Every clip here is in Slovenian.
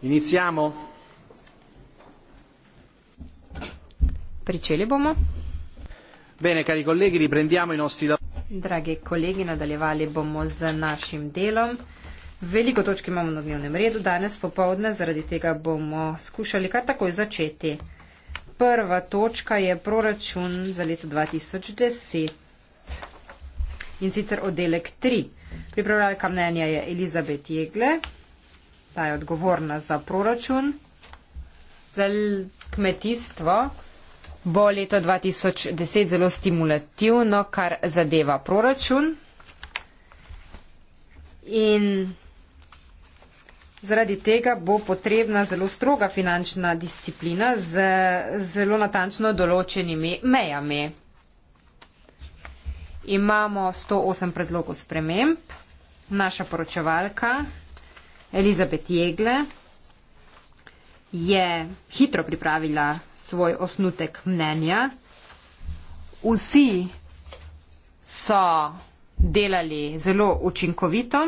Iniziamo? Pričeli bomo? Bene, cari colleghi, riprendiamo i nostri lavori. Drage kolegi, nadaljevali bomo z našim delom. Veliko točk imamo na dnevnem redu danes popovdne, zaradi tega bomo skušali kar takoj začeti. Prva točka je proračun za leto 2010 in sicer oddelek 3. Pripravljalka mnenja je Elizabet Jegle ta je odgovorna za proračun, za kmetijstvo. Bo leto 2010 zelo stimulativno, kar zadeva proračun. In zaradi tega bo potrebna zelo stroga finančna disciplina z zelo natančno določenimi mejami. Imamo 108 predlogov sprememb. Naša poročevalka Elizabeth Jegle je hitro pripravila svoj osnutek mnenja. Vsi so delali zelo učinkovito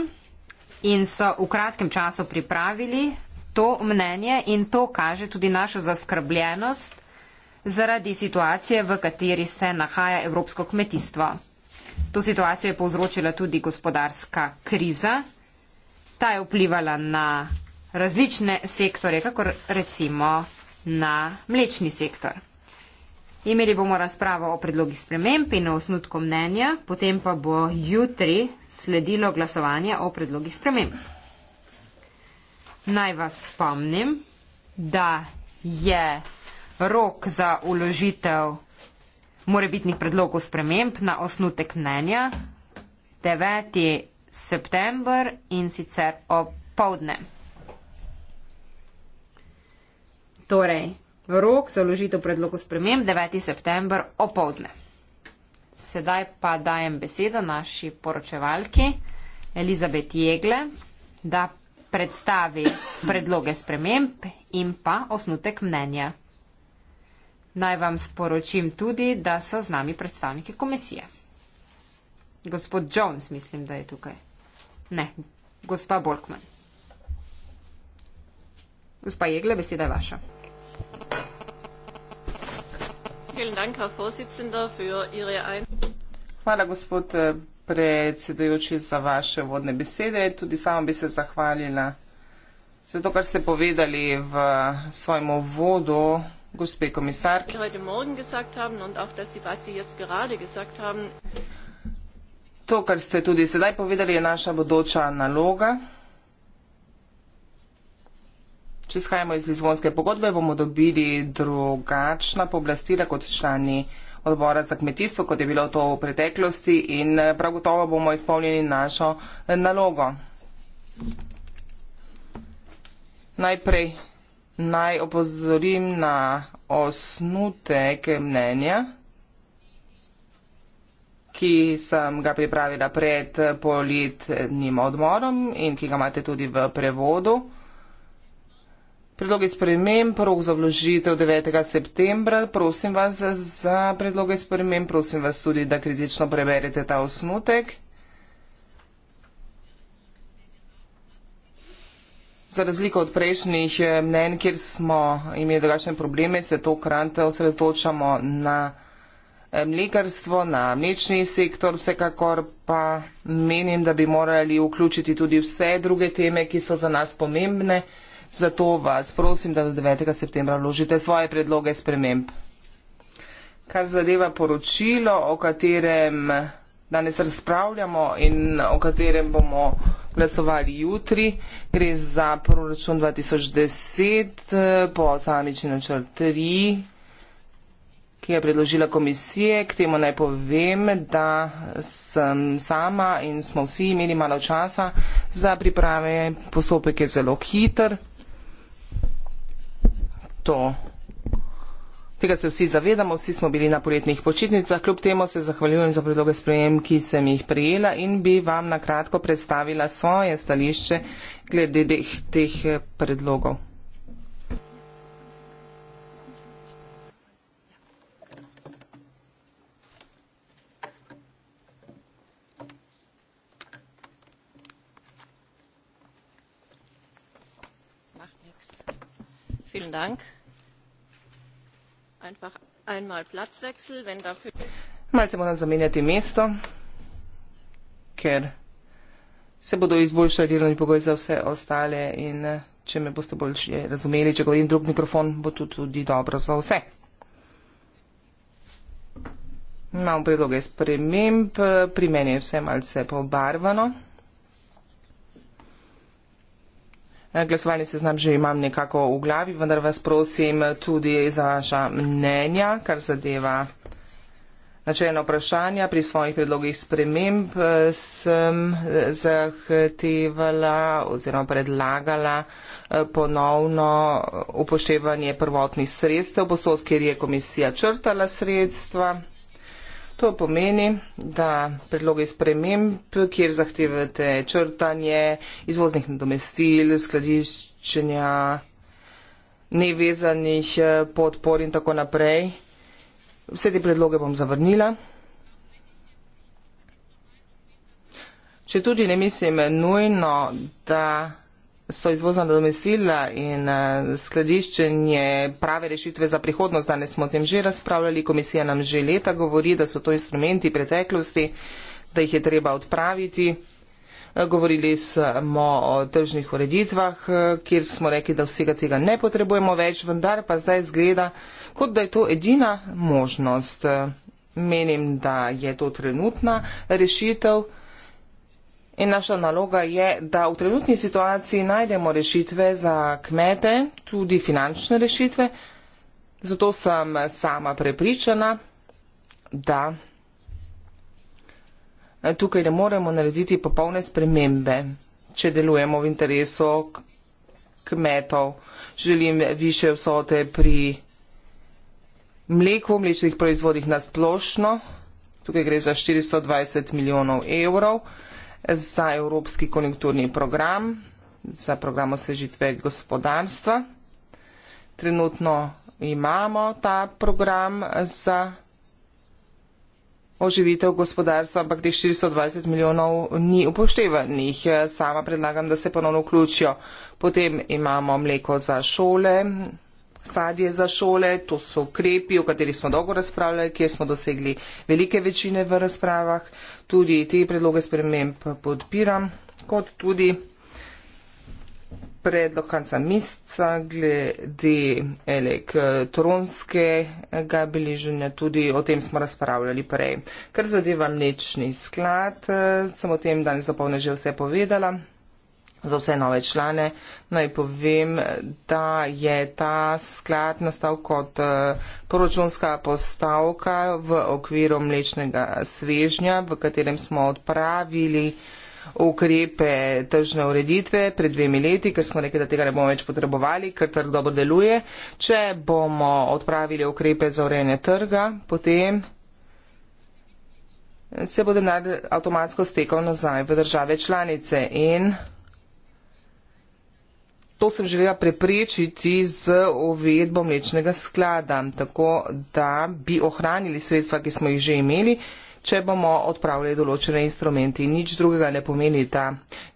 in so v kratkem času pripravili to mnenje in to kaže tudi našo zaskrbljenost zaradi situacije, v kateri se nahaja evropsko kmetijstvo. To situacijo je povzročila tudi gospodarska kriza ta je vplivala na različne sektore, kako recimo na mlečni sektor. Imeli bomo razpravo o predlogi sprememb in o osnutku mnenja, potem pa bo jutri sledilo glasovanje o predlogi sprememb. Naj vas spomnim, da je rok za uložitev morebitnih predlogov sprememb na osnutek mnenja 9 september in sicer ob povdne. Torej, rok za vložitev predlogov sprememb 9. september ob povdne. Sedaj pa dajem besedo naši poročevalki Elizabet Jegle, da predstavi predloge sprememb in pa osnutek mnenja. Naj vam sporočim tudi, da so z nami predstavniki komisije. Gospod Jones, mislim, da je tukaj. Ne, gospa Borkman. Gospa Jegle, beseda je vaša. Hvala, gospod eh, predsedujoči, za vaše vodne besede. Tudi sama bi se zahvalila za to, kar ste povedali v svojem uvodu, gospe komisarki to, kar ste tudi sedaj povedali, je naša bodoča naloga. Če izhajamo iz Lizbonske pogodbe, bomo dobili drugačna poblastila kot člani odbora za kmetijstvo, kot je bilo to v preteklosti in prav gotovo bomo izpolnili našo nalogo. Najprej naj opozorim na osnutek mnenja ki sem ga pripravila pred poletnim odmorom in ki ga imate tudi v prevodu. Predloge sprememb, rok za vložitev 9. septembra, prosim vas za predloge sprememb, prosim vas tudi, da kritično preberete ta osnutek. Za razliko od prejšnjih mnen, kjer smo imeli drugačne probleme, se tokrat osredotočamo na mlekarstvo, na mlečni sektor, vsekakor pa menim, da bi morali vključiti tudi vse druge teme, ki so za nas pomembne. Zato vas prosim, da do 9. septembra vložite svoje predloge sprememb. Kar zadeva poročilo, o katerem danes razpravljamo in o katerem bomo glasovali jutri, gre za proračun 2010 eh, po samični načrt 3, ki je predložila komisije. K temu naj povem, da sem sama in smo vsi imeli malo časa za priprave. Postopek je zelo hiter. To. Tega se vsi zavedamo, vsi smo bili na poletnih počitnicah, kljub temu se zahvaljujem za predloge sprejem, ki sem jih prijela in bi vam na kratko predstavila svoje stališče glede teh predlogov. Malce moram zamenjati mesto, ker se bodo izboljšali delovni pogoj za vse ostale in če me boste boljše razumeli, če govorim drug mikrofon, bo to tudi dobro za vse. Imamo predloge sprememb, pri meni je vse malce pobarvano. glasovalni seznam že imam nekako v glavi, vendar vas prosim tudi za vaša mnenja, kar zadeva načeljena vprašanja. Pri svojih predlogih sprememb eh, sem eh, zahtevala oziroma predlagala eh, ponovno upoštevanje prvotnih sredstev, posod, kjer je komisija črtala sredstva. To pomeni, da predloge sprememb, kjer zahtevate črtanje izvoznih nadomestil, skladiščenja nevezanih eh, podpor in tako naprej, vse te predloge bom zavrnila. Če tudi ne mislim nujno, da so izvozna domestila in eh, skladiščenje prave rešitve za prihodnost. Danes smo o tem že razpravljali, komisija nam že leta govori, da so to instrumenti preteklosti, da jih je treba odpraviti. Eh, govorili smo o tržnih ureditvah, eh, kjer smo rekli, da vsega tega ne potrebujemo več, vendar pa zdaj zgleda, kot da je to edina možnost. Menim, da je to trenutna rešitev. In naša naloga je, da v trenutni situaciji najdemo rešitve za kmete, tudi finančne rešitve. Zato sem sama prepričana, da tukaj ne moremo narediti popolne spremembe, če delujemo v interesu kmetov. Želim više vsote pri mleku, mlečnih proizvodih nasplošno. Tukaj gre za 420 milijonov evrov za Evropski konjunkturni program, za program osvežitve gospodarstva. Trenutno imamo ta program za oživitev gospodarstva, ampak teh 420 milijonov ni upoštevanih. Sama predlagam, da se ponovno vključijo. Potem imamo mleko za šole, sadje za šole, to so ukrepi, o katerih smo dolgo razpravljali, kjer smo dosegli velike večine v razpravah. Tudi te predloge sprememb podpiram, kot tudi predlog Hansa Mista glede elektronskega beleženja, tudi o tem smo razpravljali prej. Ker zadeva mlečni sklad, sem o tem danes zapolne že vse povedala. Za vse nove člane naj povem, da je ta sklad nastal kot eh, proračunska postavka v okviru mlečnega svežnja, v katerem smo odpravili ukrepe tržne ureditve pred dvemi leti, ker smo rekli, da tega ne bomo več potrebovali, ker trg dobro deluje. Če bomo odpravili ukrepe za urejanje trga, potem se bo denar avtomatsko stekal nazaj v države članice in to sem želela preprečiti z uvedbo mlečnega sklada, tako da bi ohranili sredstva, ki smo jih že imeli, če bomo odpravljali določene instrumente. Nič drugega ne pomeni ta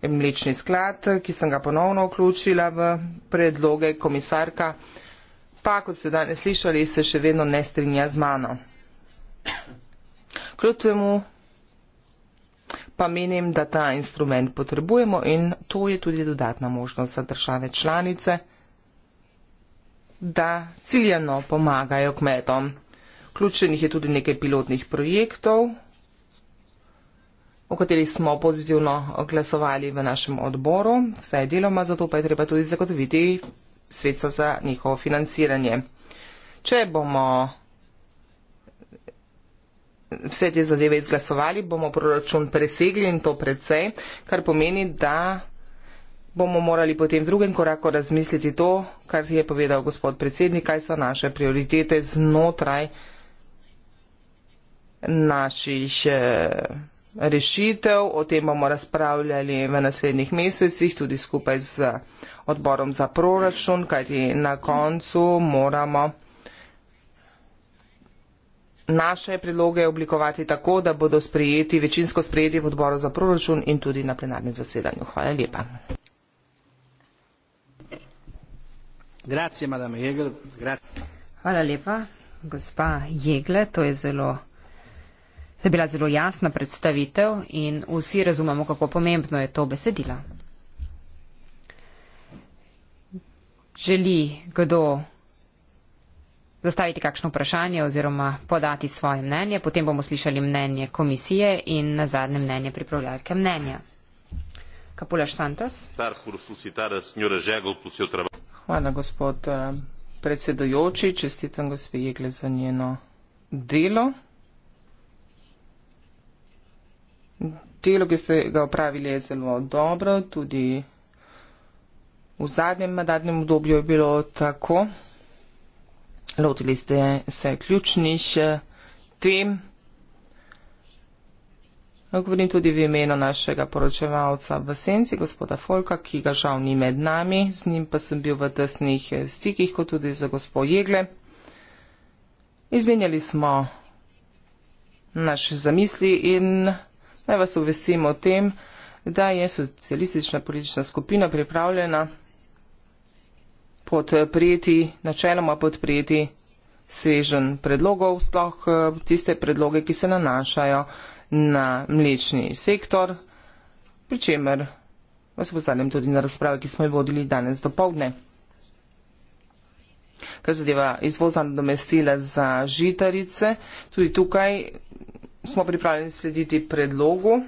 mlečni sklad, ki sem ga ponovno vključila v predloge komisarka, pa kot ste danes slišali, se še vedno ne strinja z mano. Kljub temu pa menim, da ta instrument potrebujemo in to je tudi dodatna možnost za države članice, da ciljano pomagajo kmetom. Ključenih je tudi nekaj pilotnih projektov, o katerih smo pozitivno glasovali v našem odboru, vsaj deloma, zato pa je treba tudi zagotoviti sredstva za njihovo financiranje. Če bomo vse te zadeve izglasovali, bomo proračun presegli in to predvsej, kar pomeni, da bomo morali potem v drugem koraku razmisliti to, kar je povedal gospod predsednik, kaj so naše prioritete znotraj naših eh, rešitev. O tem bomo razpravljali v naslednjih mesecih, tudi skupaj z odborom za proračun, kajti na koncu moramo Naše predloge oblikovati tako, da bodo sprejeti, večinsko sprejeti v odboru za proračun in tudi na plenarnem zasedanju. Hvala lepa. Grazie, Jegel. Hvala lepa, gospa Jegle. To je, zelo, to je bila zelo jasna predstavitev in vsi razumemo, kako pomembno je to besedilo. Želi kdo zastaviti kakšno vprašanje oziroma podati svoje mnenje. Potem bomo slišali mnenje komisije in na zadnje mnenje pripravljalke mnenja. Kapulaš Santos. Hvala, gospod eh, predsedojoči. Čestitam gospe Jegle za njeno delo. Delo, ki ste ga opravili, je zelo dobro. Tudi v zadnjem mandatnem obdobju je bilo tako lotili ste se ključnih eh, tem. Govorim tudi v imenu našega poročevalca v senci, gospoda Folka, ki ga žal ni med nami, z njim pa sem bil v tesnih eh, stikih, kot tudi za gospod Jegle. Izmenjali smo naše zamisli in naj vas obvestimo o tem, da je socialistična politična skupina pripravljena podpreti, načeloma podpreti svežen predlogov, sploh eh, tiste predloge, ki se nanašajo na mlečni sektor, pri čemer vas pozdravljam tudi na razprave, ki smo jih vodili danes do povdne. Kar zadeva izvoza domestila za žitarice, tudi tukaj smo pripravljeni slediti predlogu.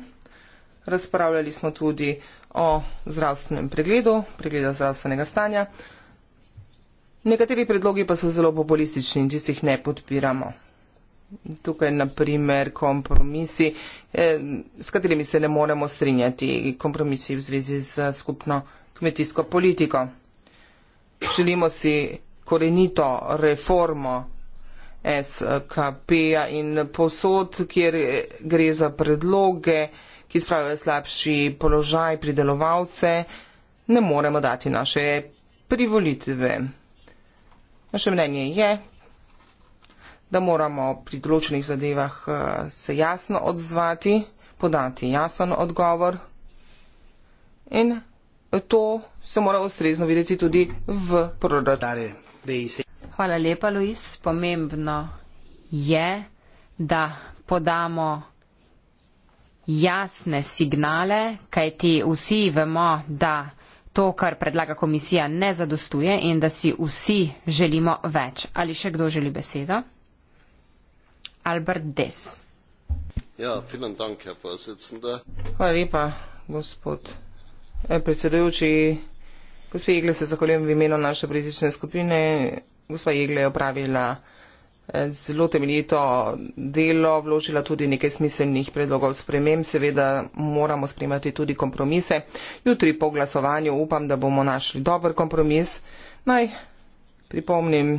Razpravljali smo tudi o zdravstvenem pregledu, pregleda zdravstvenega stanja. Nekateri predlogi pa so zelo populistični in tistih ne podpiramo. Tukaj naprimer kompromisi, eh, s katerimi se ne moremo strinjati, kompromisi v zvezi z skupno kmetijsko politiko. Želimo si korenito reformo SKP-ja in posod, kjer gre za predloge, ki spravijo slabši položaj pridelovalce, ne moremo dati naše privolitve. Naše mnenje je, da moramo pri določenih zadevah eh, se jasno odzvati, podati jasen odgovor in to se mora ustrezno videti tudi v prodaji. Hvala lepa, Luis. Pomembno je, da podamo jasne signale, kajti vsi vemo, da to, kar predlaga komisija, ne zadostuje in da si vsi želimo več. Ali še kdo želi besedo? Albert Des. Ja, dank, Hvala lepa, gospod eh, predsedujoči. Gospod Jegle, se zahvaljujem v imenu naše politične skupine. Gospod Jegle je opravila zelo temeljito delo, vložila tudi nekaj smiselnih predlogov sprememb. Seveda moramo sprejemati tudi kompromise. Jutri po glasovanju upam, da bomo našli dober kompromis. Naj pripomnim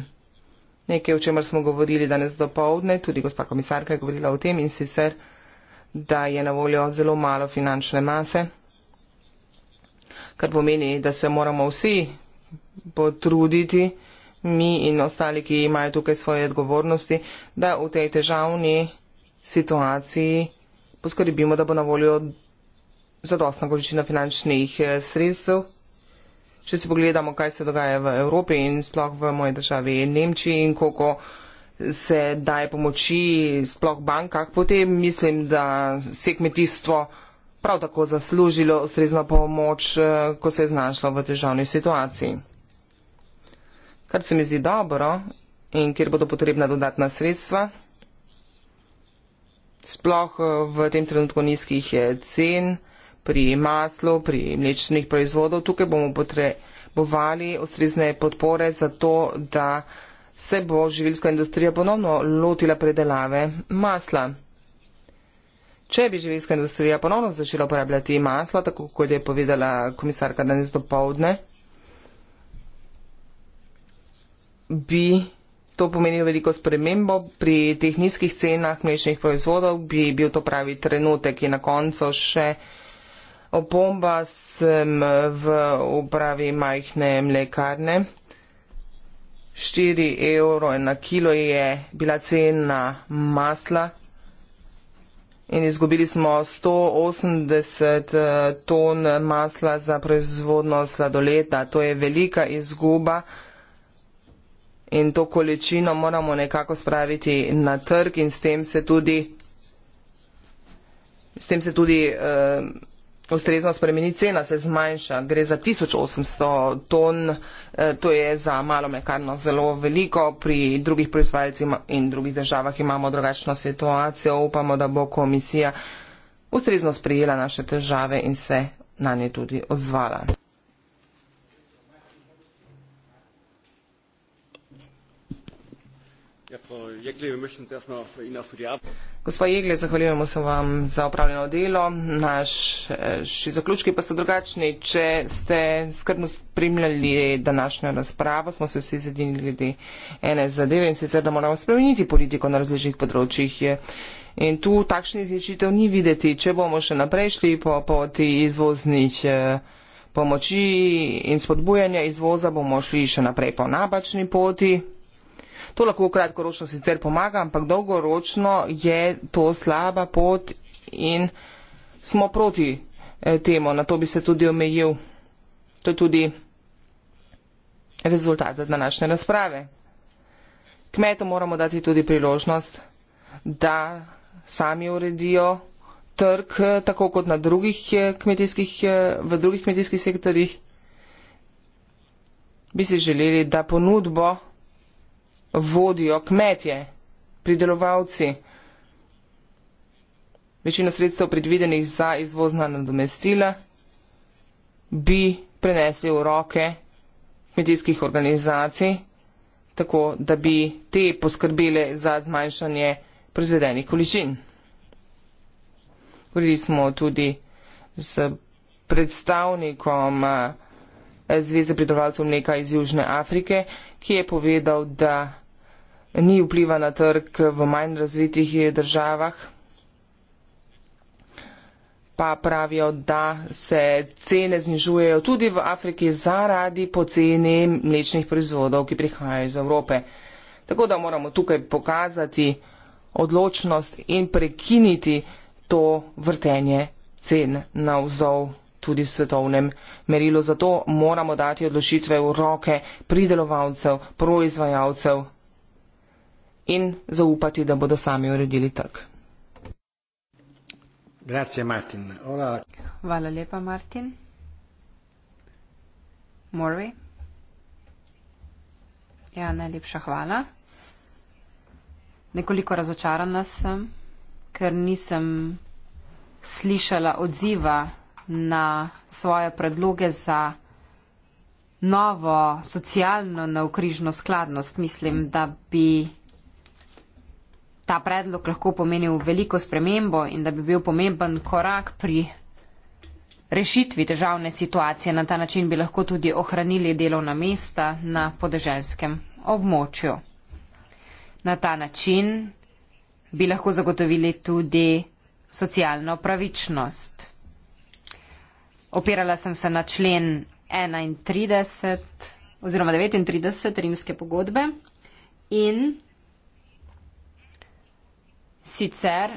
nekaj, o čemer smo govorili danes do povdne, tudi gospa komisarka je govorila o tem in sicer, da je na voljo zelo malo finančne mase, kar pomeni, da se moramo vsi potruditi, mi in ostali, ki imajo tukaj svoje odgovornosti, da v tej težavni situaciji poskrbimo, da bo na voljo zadostna količina finančnih eh, sredstev. Če si pogledamo, kaj se dogaja v Evropi in sploh v moji državi Nemčiji in koliko se daje pomoči sploh bankah, potem mislim, da se kmetijstvo prav tako zaslužilo ustrezno pomoč, eh, ko se je znašlo v težavni situaciji kar se mi zdi dobro in kjer bodo potrebna dodatna sredstva. Sploh eh, v tem trenutku nizkih je cen pri maslu, pri mlečnih proizvodov. Tukaj bomo potrebovali ustrezne podpore za to, da se bo živilska industrija ponovno lotila predelave masla. Če bi živilska industrija ponovno začela uporabljati maslo, tako kot je povedala komisarka danes do povdne, bi to pomenilo veliko spremembo. Pri teh nizkih cenah mlečnih proizvodov bi bil to pravi trenutek in na koncu še opomba sem v upravi majhne mlekarne. 4 evro na kilo je bila cena masla in izgubili smo 180 eh, ton masla za proizvodno sladoleta. To je velika izguba in to količino moramo nekako spraviti na trg in s tem se tudi, s tem se tudi uh, ustrezno spremeni cena, se zmanjša. Gre za 1800 ton, uh, to je za malo mekarno zelo veliko, pri drugih proizvajalcih in drugih državah imamo drugačno situacijo. Upamo, da bo komisija ustrezno sprejela naše težave in se na nje tudi odzvala. Ja, Gospod Jegle, zahvaljujemo se vam za upravljeno delo. Naši eh, zaključki pa so drugačni. Če ste skrbno spremljali današnjo razpravo, smo se vsi zedinili glede ene zadeve in sicer, da moramo spremeniti politiko na različnih področjih. In tu takšnih rečitev ni videti, če bomo še naprej šli po poti izvoznih eh, pomoči in spodbujanja izvoza, bomo šli še naprej po nabačni poti. To lahko kratkoročno sicer pomaga, ampak dolgoročno je to slaba pot in smo proti eh, temu. Na to bi se tudi omejil. To je tudi rezultat današnje razprave. Kmetom moramo dati tudi priložnost, da sami uredijo trg, eh, tako kot na drugih eh, kmetijskih, v drugih kmetijskih sektorjih. Bi si želeli, da ponudbo vodijo kmetje, pridelovalci. Večina sredstev predvidenih za izvozna nadomestila bi prenesli v roke kmetijskih organizacij, tako da bi te poskrbele za zmanjšanje proizvedenih količin. Govorili smo tudi z predstavnikom eh, Zveze pridelovalcev mleka iz Južne Afrike, ki je povedal, da ni vpliva na trg v manj razvitih državah, pa pravijo, da se cene znižujejo tudi v Afriki zaradi poceni mlečnih proizvodov, ki prihajajo iz Evrope. Tako da moramo tukaj pokazati odločnost in prekiniti to vrtenje cen na vzdolj tudi v svetovnem merilu. Zato moramo dati odločitve v roke pridelovalcev, proizvajalcev in zaupati, da bodo sami uredili trg. Grazie, Martin. Ora... Hvala lepa, Martin. Morvi. Ja, najlepša hvala. Nekoliko razočarana sem, ker nisem slišala odziva na svoje predloge za novo socialno navkrižno skladnost. Mislim, da bi ta predlog lahko pomenil veliko spremembo in da bi bil pomemben korak pri rešitvi državne situacije. Na ta način bi lahko tudi ohranili delovna mesta na podeželskem območju. Na ta način bi lahko zagotovili tudi socialno pravičnost opirala sem se na člen 31 oziroma 39 rimske pogodbe in sicer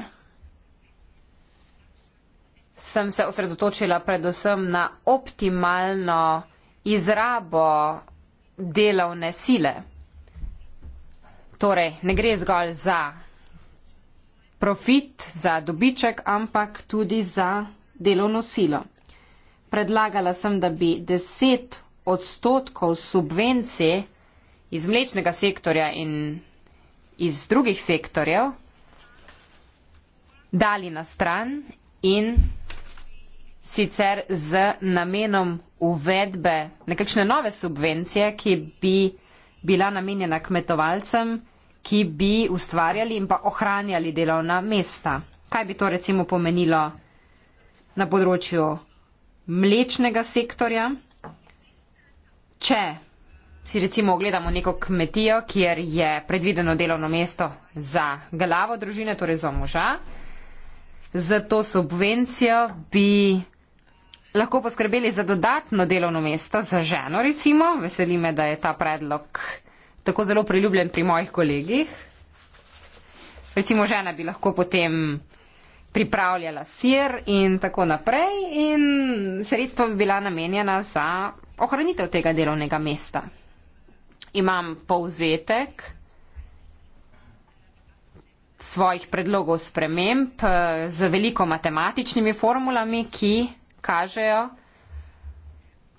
sem se osredotočila predvsem na optimalno izrabo delovne sile. Torej, ne gre zgolj za profit, za dobiček, ampak tudi za delovno silo predlagala sem, da bi 10 odstotkov subvencije iz mlečnega sektorja in iz drugih sektorjev dali na stran in sicer z namenom uvedbe nekakšne nove subvencije, ki bi bila namenjena kmetovalcem, ki bi ustvarjali in pa ohranjali delovna mesta. Kaj bi to recimo pomenilo na področju mlečnega sektorja. Če si recimo ogledamo neko kmetijo, kjer je predvideno delovno mesto za glavo družine, torej za moža, za to subvencijo bi lahko poskrbeli za dodatno delovno mesto za ženo recimo. Veseli me, da je ta predlog tako zelo priljubljen pri mojih kolegih. Recimo žena bi lahko potem pripravljala sir in tako naprej in sredstva bi bila namenjena za ohranitev tega delovnega mesta. Imam povzetek svojih predlogov sprememb eh, z veliko matematičnimi formulami, ki kažejo,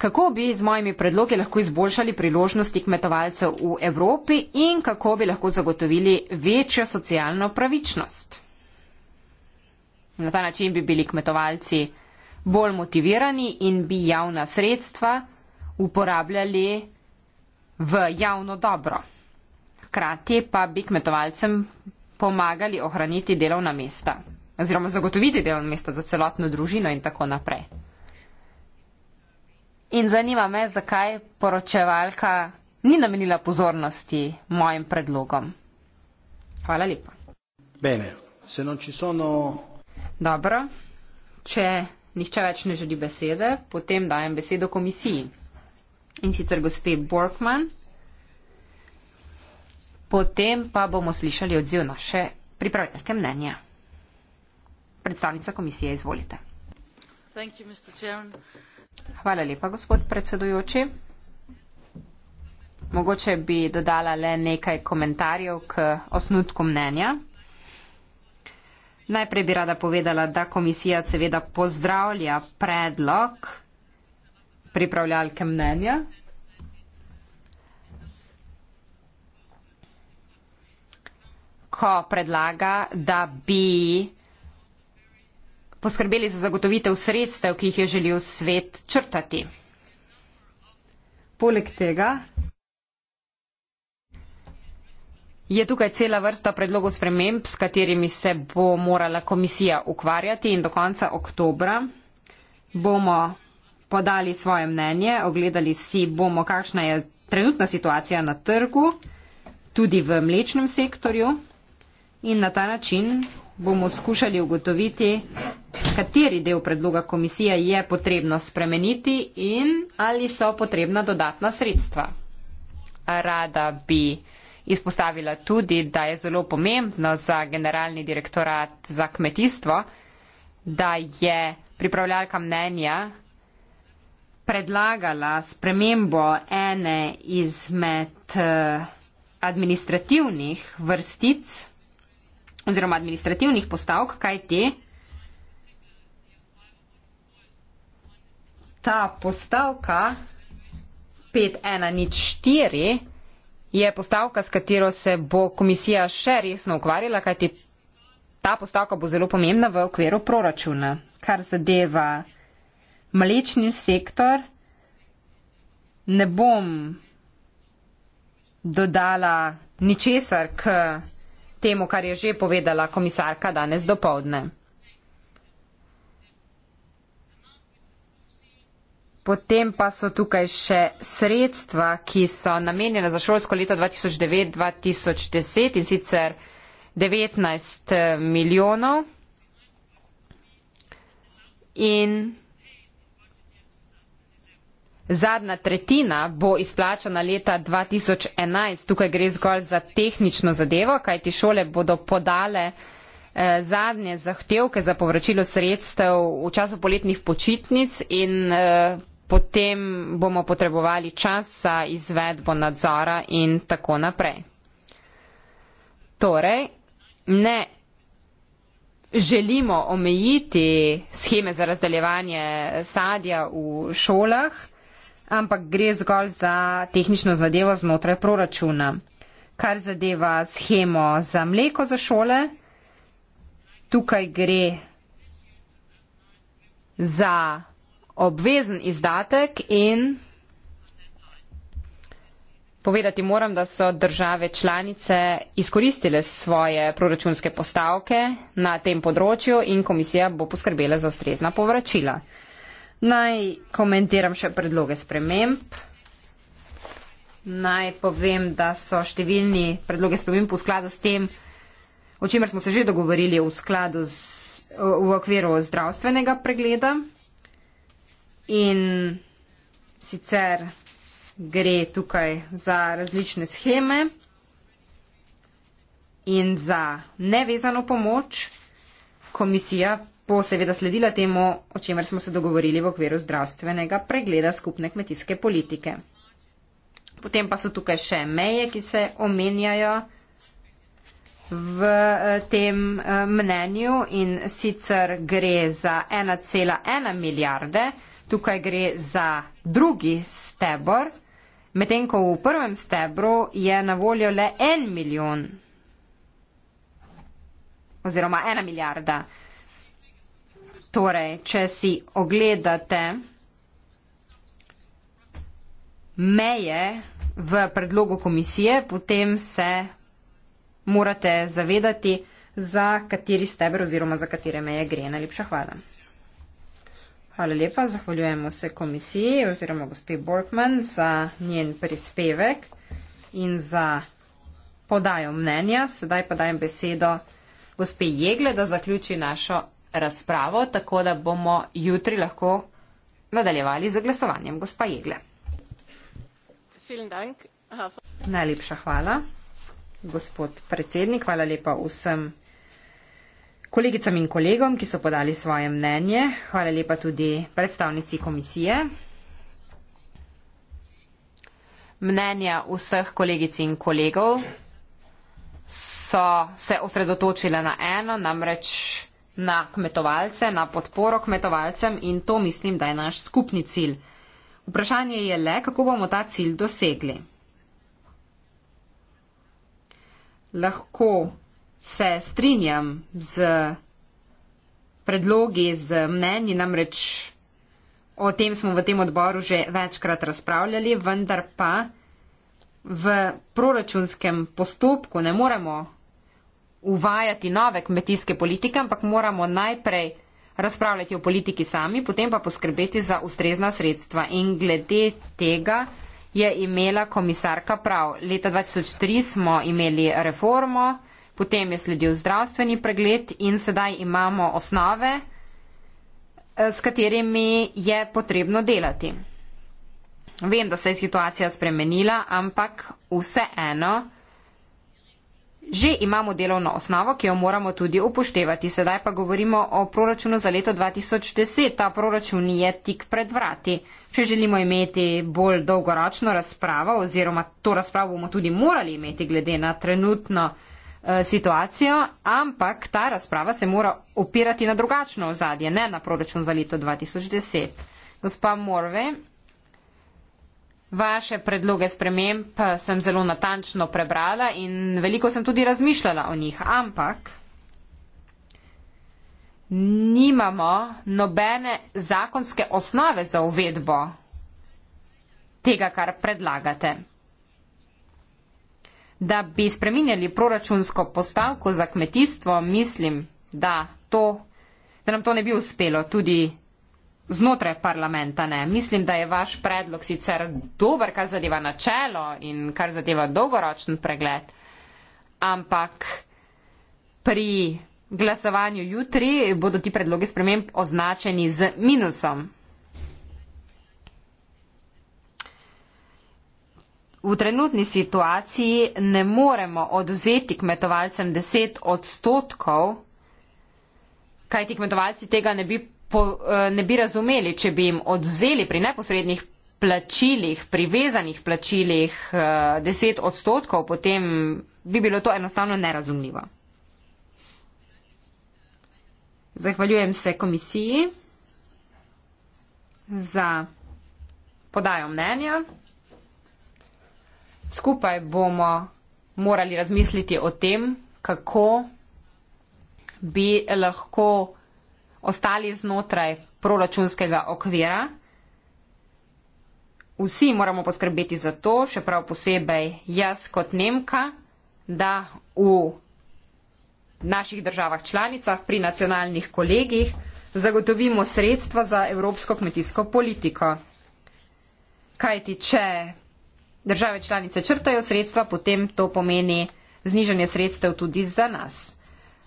kako bi z mojimi predlogi lahko izboljšali priložnosti kmetovalcev v Evropi in kako bi lahko zagotovili večjo socialno pravičnost na ta način bi bili kmetovalci bolj motivirani in bi javna sredstva uporabljali v javno dobro. Hkrati pa bi kmetovalcem pomagali ohraniti delovna mesta oziroma zagotoviti delovna mesta za celotno družino in tako naprej. In zanima me, zakaj poročevalka ni namenila pozornosti mojim predlogom. Hvala lepa. Bene, se non ci sono Dobro, če nihče več ne želi besede, potem dajem besedo komisiji. In sicer gospe Borkman, potem pa bomo slišali odziv naše pripravljalke mnenja. Predstavnica komisije, izvolite. Hvala lepa, gospod predsedujoči. Mogoče bi dodala le nekaj komentarjev k osnutku mnenja. Najprej bi rada povedala, da komisija seveda pozdravlja predlog pripravljalke mnenja. ko predlaga, da bi poskrbeli za zagotovitev sredstev, ki jih je želel svet črtati. Poleg tega Je tukaj cela vrsta predlogov sprememb, s katerimi se bo morala komisija ukvarjati in do konca oktobra bomo podali svoje mnenje, ogledali si bomo, kakšna je trenutna situacija na trgu, tudi v mlečnem sektorju in na ta način bomo skušali ugotoviti, kateri del predloga komisije je potrebno spremeniti in ali so potrebna dodatna sredstva. Rada bi. Izpostavila tudi, da je zelo pomembno za generalni direktorat za kmetijstvo, da je pripravljalka mnenja predlagala spremembo ene izmed eh, administrativnih vrstic oziroma administrativnih postavk, kaj ti. Ta postavka 5104 je postavka, s katero se bo komisija še resno ukvarjala, kajti ta postavka bo zelo pomembna v okviru proračuna, kar zadeva mlečni sektor. Ne bom dodala ničesar k temu, kar je že povedala komisarka danes dopovdne. Potem pa so tukaj še sredstva, ki so namenjena za šolsko leto 2009-2010 in sicer 19 eh, milijonov. In zadnja tretjina bo izplačana leta 2011. Tukaj gre zgolj za tehnično zadevo, kajti šole bodo podale eh, zadnje zahtevke za povračilo sredstev v času poletnih počitnic in eh, potem bomo potrebovali čas za izvedbo nadzora in tako naprej. Torej, ne želimo omejiti scheme za razdeljevanje sadja v šolah, ampak gre zgolj za tehnično zadevo znotraj proračuna. Kar zadeva schemo za mleko za šole, tukaj gre za obvezen izdatek in povedati moram, da so države članice izkoristile svoje proračunske postavke na tem področju in komisija bo poskrbela za ustrezna povračila. Naj komentiram še predloge sprememb. Naj povem, da so številni predloge sprememb v skladu s tem, o čemer smo se že dogovorili v, skladu z, v okviru zdravstvenega pregleda. In sicer gre tukaj za različne scheme in za nevezano pomoč. Komisija bo seveda sledila temu, o čemer smo se dogovorili v okviru zdravstvenega pregleda skupne kmetijske politike. Potem pa so tukaj še meje, ki se omenjajo v eh, tem eh, mnenju in sicer gre za 1,1 milijarde tukaj gre za drugi stebr, medtem ko v prvem stebru je na voljo le en milijon oziroma ena milijarda. Torej, če si ogledate meje v predlogu komisije, potem se morate zavedati, za kateri steber oziroma za katere meje gre. Najlepša hvala. Hvala lepa, zahvaljujemo se komisiji oziroma gospe Borkman za njen prispevek in za podajo mnenja. Sedaj pa dajem besedo gospe Jegle, da zaključi našo razpravo, tako da bomo jutri lahko nadaljevali z glasovanjem. Gospa Jegle. Najlepša hvala, gospod predsednik. Hvala lepa vsem kolegicam in kolegom, ki so podali svoje mnenje. Hvala lepa tudi predstavnici komisije. Mnenja vseh kolegic in kolegov so se osredotočile na eno, namreč na kmetovalce, na podporo kmetovalcem in to mislim, da je naš skupni cilj. Vprašanje je le, kako bomo ta cilj dosegli. Lahko se strinjam z predlogi, z mnenji, namreč o tem smo v tem odboru že večkrat razpravljali, vendar pa v proračunskem postopku ne moremo uvajati nove kmetijske politike, ampak moramo najprej razpravljati o politiki sami, potem pa poskrbeti za ustrezna sredstva. In glede tega je imela komisarka prav. Leta 2003 smo imeli reformo, potem je sledil zdravstveni pregled in sedaj imamo osnove, eh, s katerimi je potrebno delati. Vem, da se je situacija spremenila, ampak vseeno že imamo delovno osnovo, ki jo moramo tudi upoštevati. Sedaj pa govorimo o proračunu za leto 2010. Ta proračun je tik pred vrati. Če želimo imeti bolj dolgoročno razpravo oziroma to razpravo bomo tudi morali imeti glede na trenutno Eh, situacijo, ampak ta razprava se mora opirati na drugačno ozadje, ne na proračun za leto 2010. Gospa Morve, vaše predloge sprememb eh, sem zelo natančno prebrala in veliko sem tudi razmišljala o njih, ampak nimamo nobene zakonske osnove za uvedbo tega, kar predlagate da bi spreminjali proračunsko postavko za kmetijstvo, mislim, da, to, da nam to ne bi uspelo tudi znotraj parlamenta. Ne. Mislim, da je vaš predlog sicer dober, kar zadeva načelo in kar zadeva dolgoročen pregled, ampak pri glasovanju jutri bodo ti predloge sprememb označeni z minusom. v trenutni situaciji ne moremo oduzeti kmetovalcem 10 odstotkov, kaj ti kmetovalci tega ne bi, po, eh, ne bi razumeli, če bi jim oduzeli pri neposrednih plačilih, pri vezanih plačilih 10 eh, odstotkov, potem bi bilo to enostavno nerazumljivo. Zahvaljujem se komisiji za podajo mnenja. Skupaj bomo morali razmisliti o tem, kako bi lahko ostali znotraj proračunskega okvira. Vsi moramo poskrbeti za to, še prav posebej jaz kot Nemka, da v naših državah članicah pri nacionalnih kolegih zagotovimo sredstva za evropsko kmetijsko politiko. Kajti, če države članice črtajo sredstva, potem to pomeni znižanje sredstev tudi za nas.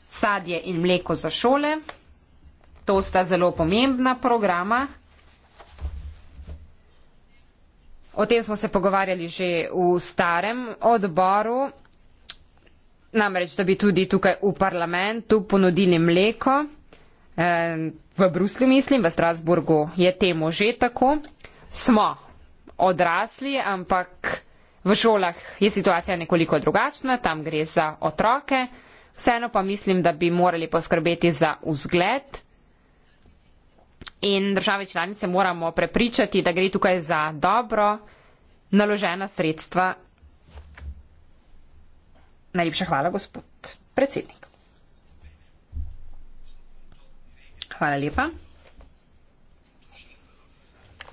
Sadje in mleko za šole, to sta zelo pomembna programa. O tem smo se pogovarjali že v starem odboru, namreč da bi tudi tukaj v parlamentu ponudili mleko. Eh, v Bruslju, mislim, v Strasburgu je temu že tako. Smo odrasli, ampak v šolah je situacija nekoliko drugačna, tam gre za otroke. Vseeno pa mislim, da bi morali poskrbeti za vzgled in države članice moramo prepričati, da gre tukaj za dobro naložena sredstva. Najlepša hvala, gospod predsednik. Hvala lepa.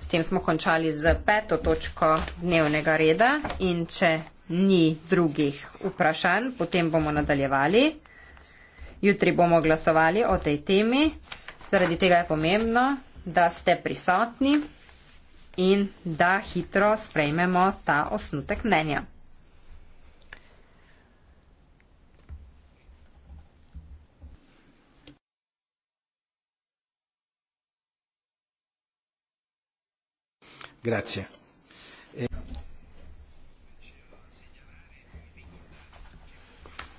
S tem smo končali z peto točko dnevnega reda in če ni drugih vprašanj, potem bomo nadaljevali. Jutri bomo glasovali o tej temi, zaradi tega je pomembno, da ste prisotni in da hitro sprejmemo ta osnutek mnenja. Grazie.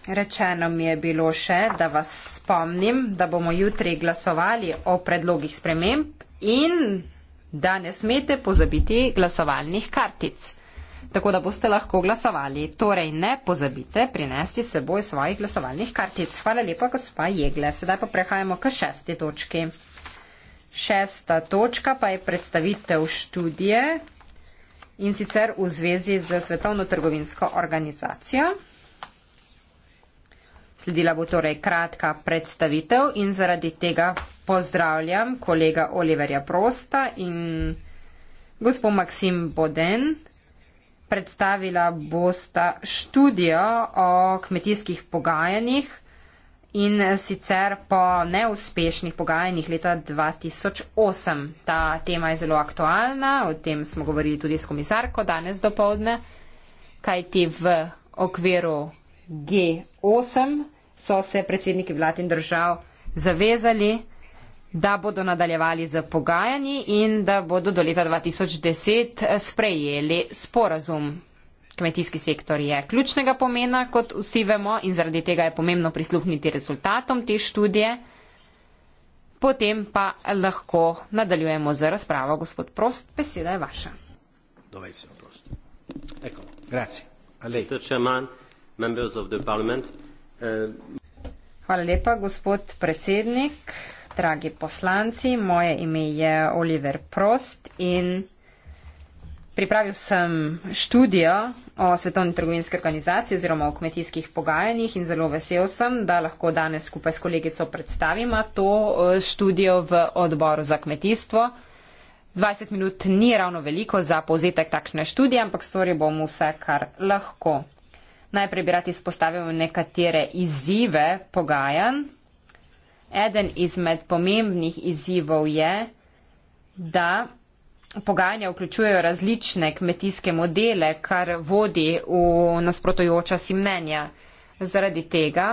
Rečeno mi je bilo še, da vas spomnim, da bomo jutri glasovali o predlogih sprememb in da ne smete pozabiti glasovalnih kartic, tako da boste lahko glasovali. Torej ne pozabite prinesti s seboj svojih glasovalnih kartic. Hvala lepa, gospa Jegle. Sedaj pa prehajamo k šesti točki. Šesta točka pa je predstavitev študije in sicer v zvezi z Svetovno trgovinsko organizacijo. Sledila bo torej kratka predstavitev in zaradi tega pozdravljam kolega Oliverja Prosta in gospod Maksim Boden. Predstavila bosta študijo o kmetijskih pogajanjih in sicer po neuspešnih pogajanjih leta 2008. Ta tema je zelo aktualna, o tem smo govorili tudi s komisarko danes dopoledne, kajti v okviru G8 so se predsedniki vlad in držav zavezali, da bodo nadaljevali z pogajanji in da bodo do leta 2010 sprejeli sporazum. Kmetijski sektor je ključnega pomena, kot vsi vemo, in zaradi tega je pomembno prisluhniti rezultatom te študije. Potem pa lahko nadaljujemo z razpravo. Gospod Prost, beseda je vaša. Dovedi se, prost. Eko, grazie. Mr. Chairman, members of the parliament. Eh, Hvala lepa, gospod predsednik, dragi poslanci. Moje ime je Oliver Prost in. Pripravil sem študijo o Svetovni trgovinski organizaciji oziroma o kmetijskih pogajanjih in zelo vesel sem, da lahko danes skupaj s kolegico predstavima to eh, študijo v odboru za kmetijstvo. 20 minut ni ravno veliko za povzetek takšne študije, ampak storil bom vse, kar lahko. Najprej bi rad izpostavil nekatere izzive pogajanj. Eden izmed pomembnih izzivov je, da pogajanja vključujejo različne kmetijske modele, kar vodi v nasprotujoča si mnenja. Zaradi tega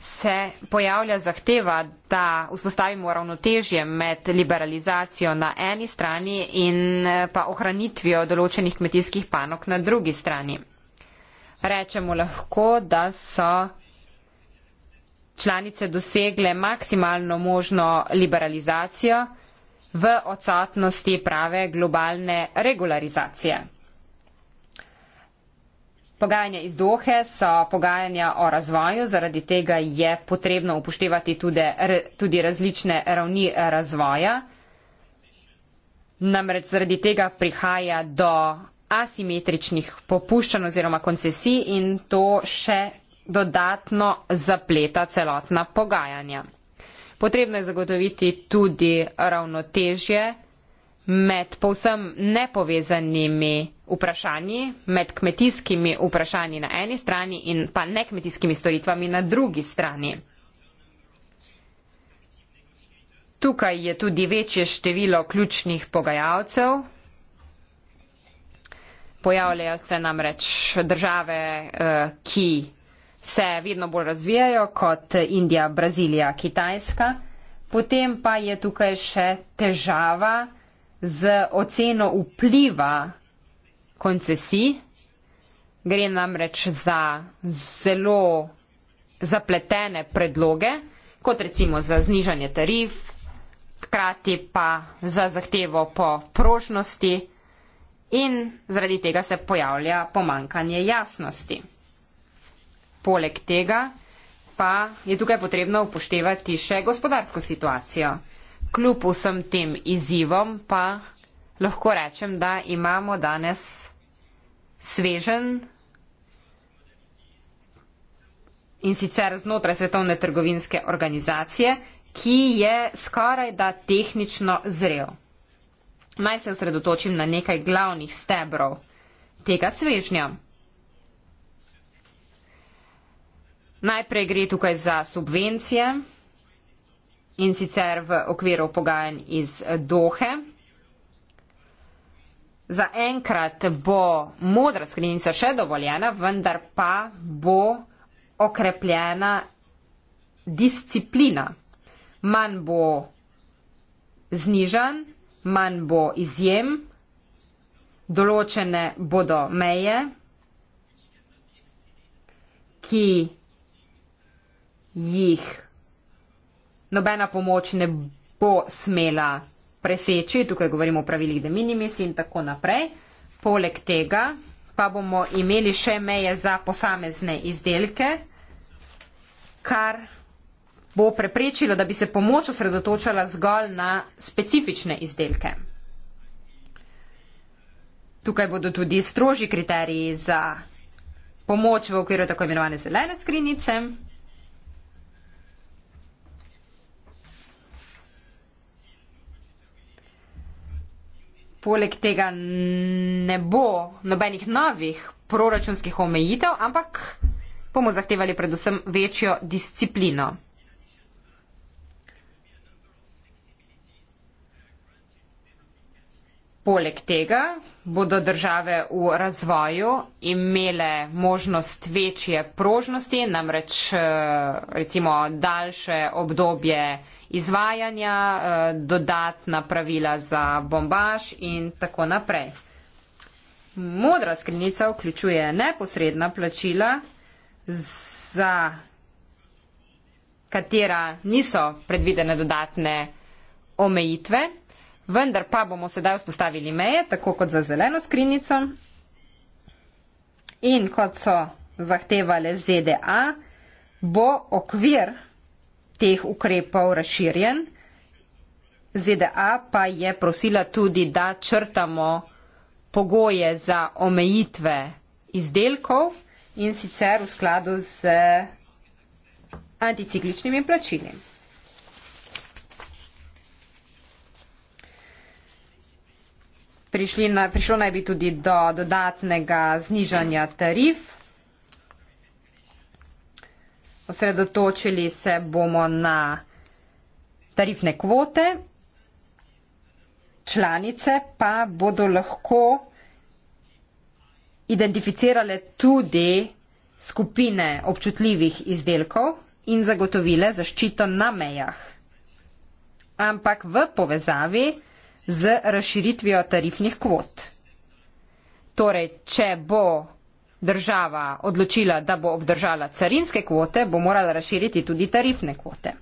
se pojavlja zahteva, da vzpostavimo ravnotežje med liberalizacijo na eni strani in eh, pa ohranitvijo določenih kmetijskih panok na drugi strani. Rečemo lahko, da so članice dosegle maksimalno možno liberalizacijo, v odsotnosti prave globalne regularizacije. Pogajanja iz Dohe so pogajanja o razvoju, zaradi tega je potrebno upoštevati tudi, tudi različne ravni razvoja. Namreč zaradi tega prihaja do asimetričnih popuščanj oziroma koncesij in to še dodatno zapleta celotna pogajanja. Potrebno je zagotoviti tudi ravnotežje med povsem nepovezanimi vprašanji, med kmetijskimi vprašanji na eni strani in pa nekmetijskimi storitvami na drugi strani. Tukaj je tudi večje število ključnih pogajalcev. Pojavljajo se namreč države, eh, ki se vedno bolj razvijajo kot Indija, Brazilija, Kitajska. Potem pa je tukaj še težava z oceno vpliva koncesij. Gre namreč za zelo zapletene predloge, kot recimo za znižanje tarif, hkrati pa za zahtevo po prožnosti in zaradi tega se pojavlja pomankanje jasnosti. Poleg tega pa je tukaj potrebno upoštevati še gospodarsko situacijo. Kljub vsem tem izzivom pa lahko rečem, da imamo danes svežen in sicer znotraj svetovne trgovinske organizacije, ki je skoraj da tehnično zrel. Naj se osredotočim na nekaj glavnih stebrov tega svežnja. Najprej gre tukaj za subvencije in sicer v okviru pogajanj iz Dohe. Za enkrat bo modra skrinjica še dovoljena, vendar pa bo okrepljena disciplina. Manj bo znižan, manj bo izjem, določene bodo meje, ki jih nobena pomoč ne bo smela preseči, tukaj govorimo o pravilih de minimis in tako naprej. Poleg tega pa bomo imeli še meje za posamezne izdelke, kar bo preprečilo, da bi se pomoč osredotočala zgolj na specifične izdelke. Tukaj bodo tudi strožji kriteriji za pomoč v okviru tako imenovane zelene skrinice. poleg tega ne bo nobenih novih proračunskih omejitev, ampak bomo zahtevali predvsem večjo disciplino. Poleg tega bodo države v razvoju imele možnost večje prožnosti, namreč eh, recimo daljše obdobje proračunskih omejitev, izvajanja, eh, dodatna pravila za bombaž in tako naprej. Modra skrinjica vključuje neposredna plačila, za katera niso predvidene dodatne omejitve, vendar pa bomo sedaj vzpostavili meje, tako kot za zeleno skrinjico in kot so zahtevale ZDA, bo okvir teh ukrepov razširjen. ZDA pa je prosila tudi, da črtamo pogoje za omejitve izdelkov in sicer v skladu z anticikličnimi plačili. Prišlo naj bi tudi do dodatnega znižanja tarif. Osredotočili se bomo na tarifne kvote, članice pa bodo lahko identificirale tudi skupine občutljivih izdelkov in zagotovile zaščito na mejah, ampak v povezavi z razširitvijo tarifnih kvot. Torej, če bo država odločila, da bo obdržala carinske kvote, bo morala razširiti tudi tarifne kvote.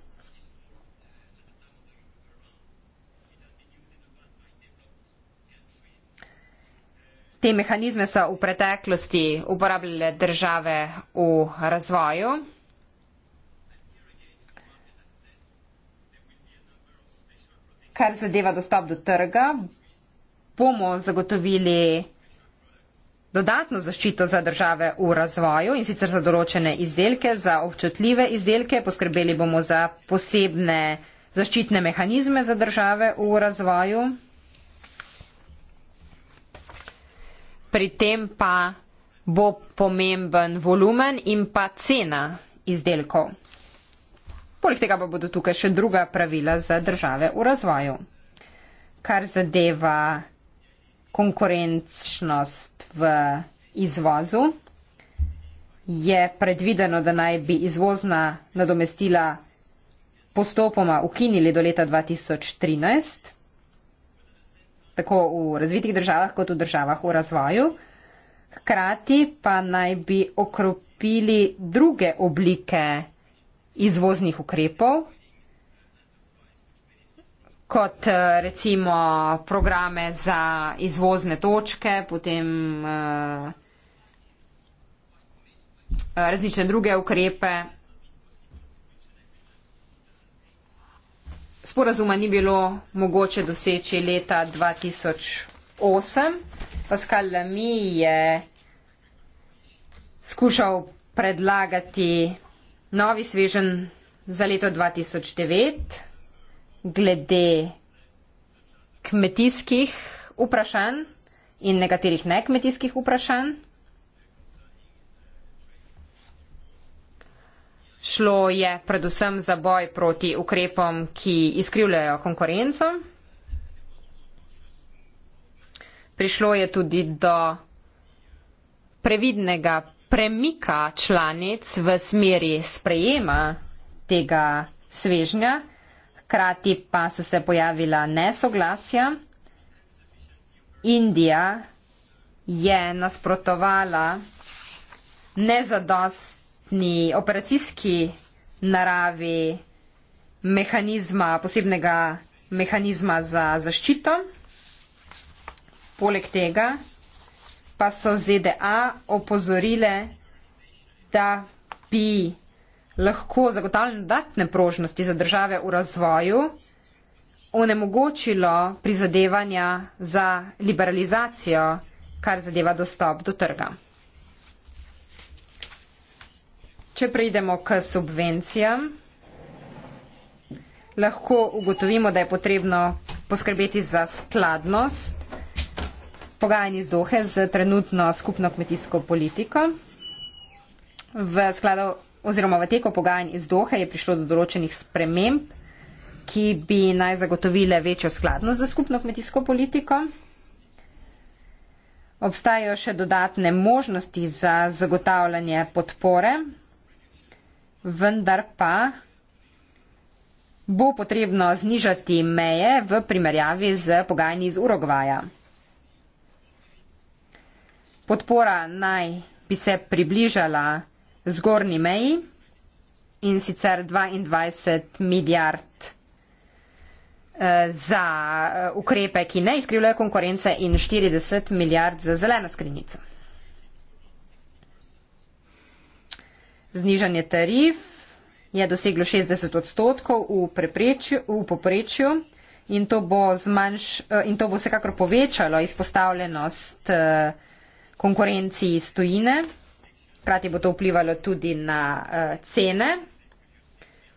Te mehanizme so v preteklosti uporabljale države v razvoju. Kar zadeva dostop do trga, bomo zagotovili dodatno zaščito za države v razvoju in sicer za določene izdelke, za občutljive izdelke. Poskrbeli bomo za posebne zaščitne mehanizme za države v razvoju. Pri tem pa bo pomemben volumen in pa cena izdelkov. Poleg tega pa bodo tukaj še druga pravila za države v razvoju, kar zadeva konkurenčnost v izvozu. Je predvideno, da naj bi izvozna nadomestila postopoma ukinili do leta 2013, tako v razvitih državah kot v državah v razvoju. Hkrati pa naj bi okropili druge oblike izvoznih ukrepov, kot eh, recimo programe za izvozne točke, potem eh, eh, različne druge ukrepe. Sporazuma ni bilo mogoče doseči leta 2008. Pascal Lamy je skušal predlagati novi svežen za leto 2009 glede kmetijskih vprašanj in nekaterih nekmetijskih vprašanj. Šlo je predvsem za boj proti ukrepom, ki izkrivljajo konkurenco. Prišlo je tudi do previdnega premika članic v smeri sprejema tega svežnja. Hkrati pa so se pojavila nesoglasja. Indija je nasprotovala nezadostni operacijski naravi mehanizma, posebnega mehanizma za zaščito. Poleg tega pa so ZDA opozorile, da bi lahko zagotavljanje dodatne prožnosti za države v razvoju onemogočilo prizadevanja za liberalizacijo, kar zadeva dostop do trga. Če preidemo k subvencijam, lahko ugotovimo, da je potrebno poskrbeti za skladnost pogajanj iz Dohe z trenutno skupno kmetijsko politiko. V skladu oziroma v teku pogajanj iz Dohe je prišlo do določenih sprememb, ki bi naj zagotovile večjo skladnost za skupno kmetijsko politiko. Obstajajo še dodatne možnosti za zagotavljanje podpore, vendar pa bo potrebno znižati meje v primerjavi z pogajanji iz Urugvaja. Podpora naj bi se približala zgornji meji in sicer 22 milijard eh, za eh, ukrepe, ki ne izkrivljajo konkurence in 40 milijard za zeleno skrinico. Znižanje tarif je doseglo 60 odstotkov v, v poprečju in to, bo zmanjš, eh, in to bo vsekakor povečalo izpostavljenost konkurenciji iz tujine hkrati bo to vplivalo tudi na uh, cene,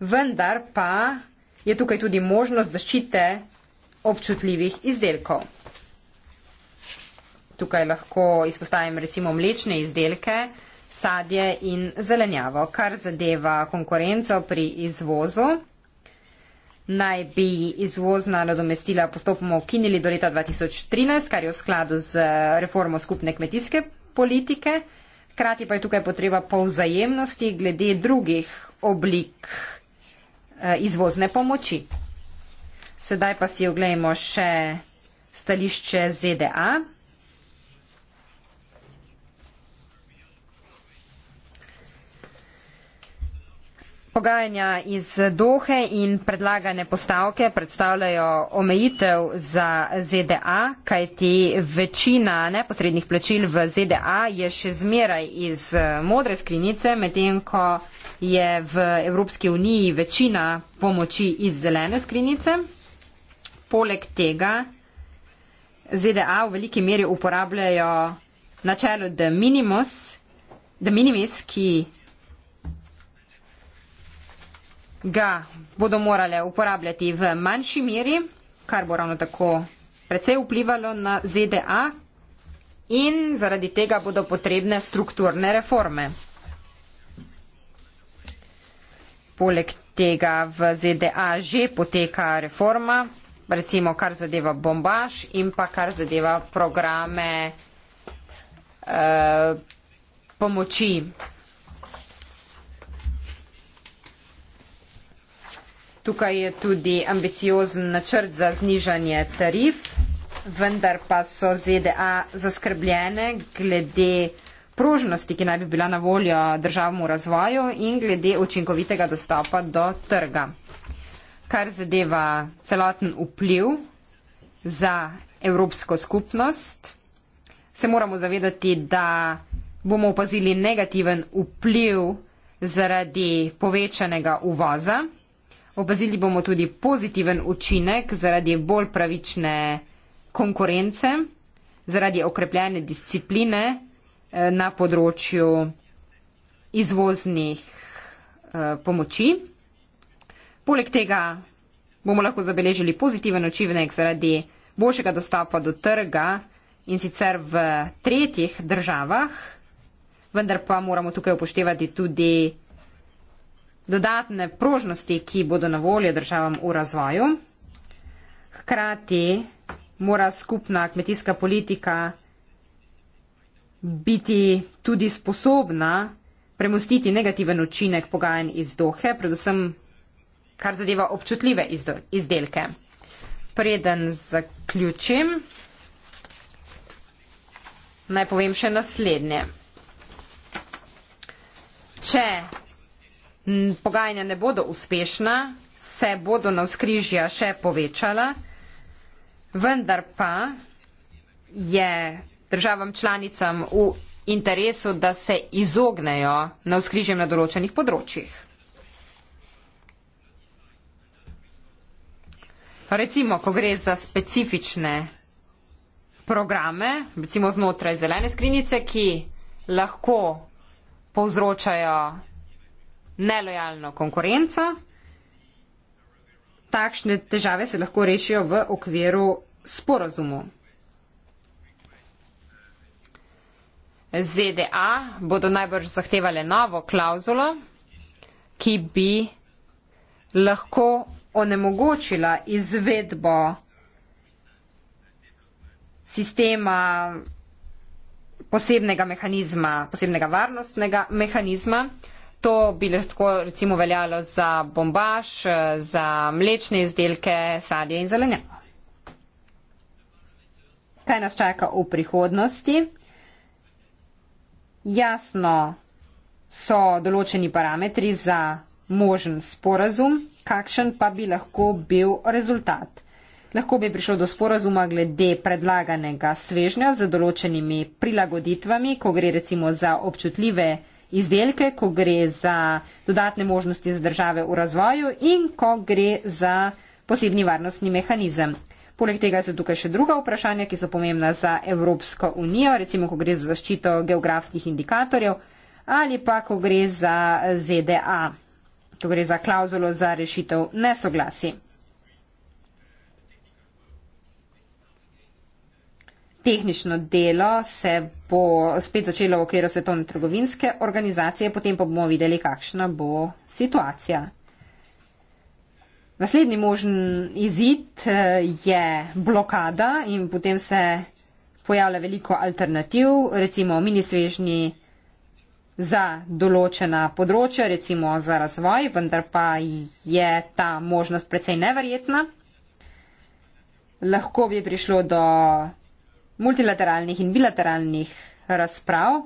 vendar pa je tukaj tudi možnost zaščite občutljivih izdelkov. Tukaj lahko izpostavim recimo mlečne izdelke, sadje in zelenjavo, kar zadeva konkurenco pri izvozu. Naj bi izvozna nadomestila postopoma ukinili do leta 2013, kar je v skladu z eh, reformo skupne kmetijske politike. Hkrati pa je tukaj potreba po vzajemnosti glede drugih oblik eh, izvozne pomoči. Sedaj pa si oglejmo še stališče ZDA. Pogajanja iz Dohe in predlagane postavke predstavljajo omejitev za ZDA, kajti večina neposrednih plačil v ZDA je še zmeraj iz eh, modre skrinice, medtem ko je v Evropski uniji večina pomoči iz zelene skrinice. Poleg tega ZDA v veliki meri uporabljajo načelo de minimis, de minimis ki ga bodo morale uporabljati v manjši meri, kar bo ravno tako precej vplivalo na ZDA in zaradi tega bodo potrebne strukturne reforme. Poleg tega v ZDA že poteka reforma, recimo kar zadeva bombaž in pa kar zadeva programe eh, pomoči Tukaj je tudi ambiciozen načrt za znižanje tarif, vendar pa so ZDA zaskrbljene glede prožnosti, ki naj bi bila na voljo državmu razvoju in glede učinkovitega dostopa do trga. Kar zadeva celoten vpliv za Evropsko skupnost, se moramo zavedati, da bomo opazili negativen vpliv zaradi povečanega uvoza. Opazili bomo tudi pozitiven učinek zaradi bolj pravične konkurence, zaradi okrepljene discipline eh, na področju izvoznih eh, pomoči. Poleg tega bomo lahko zabeležili pozitiven učinek zaradi boljšega dostopa do trga in sicer v tretjih državah, vendar pa moramo tukaj upoštevati tudi dodatne prožnosti, ki bodo na voljo državam v razvoju. Hkrati mora skupna kmetijska politika biti tudi sposobna premustiti negativen učinek pogajanj iz dohe, predvsem kar zadeva občutljive izdelke. Preden zaključim, naj povem še naslednje. Če pogajanja ne bodo uspešna, se bodo na vzkrižja še povečala, vendar pa je državam članicam v interesu, da se izognejo na vzkrižjem na določenih področjih. Recimo, ko gre za specifične programe, recimo znotraj zelene skrinice, ki lahko povzročajo nelojalno konkurenco. Takšne težave se lahko rešijo v okviru sporazumu. ZDA bodo najbrž zahtevali novo klauzulo, ki bi lahko onemogočila izvedbo sistema posebnega mehanizma, posebnega varnostnega mehanizma, To bi lahko recimo veljalo za bombaž, za mlečne izdelke, sadje in zelenjavo. Kaj nas čaka v prihodnosti? Jasno so določeni parametri za možen sporazum, kakšen pa bi lahko bil rezultat. Lahko bi prišlo do sporazuma glede predlaganega svežnja z določenimi prilagoditvami, ko gre recimo za občutljive izdelke, ko gre za dodatne možnosti za države v razvoju in ko gre za posebni varnostni mehanizem. Poleg tega so tukaj še druga vprašanja, ki so pomembna za Evropsko unijo, recimo, ko gre za zaščito geografskih indikatorjev ali pa, ko gre za ZDA, ko gre za klauzulo za rešitev nesoglasi. tehnično delo se bo spet začelo v okviru svetovne trgovinske organizacije, potem pa bomo videli, kakšna bo situacija. Naslednji možen izid eh, je blokada in potem se pojavlja veliko alternativ, recimo mini svežni za določena področja, recimo za razvoj, vendar pa je ta možnost precej neverjetna. Lahko bi prišlo do multilateralnih in bilateralnih razprav,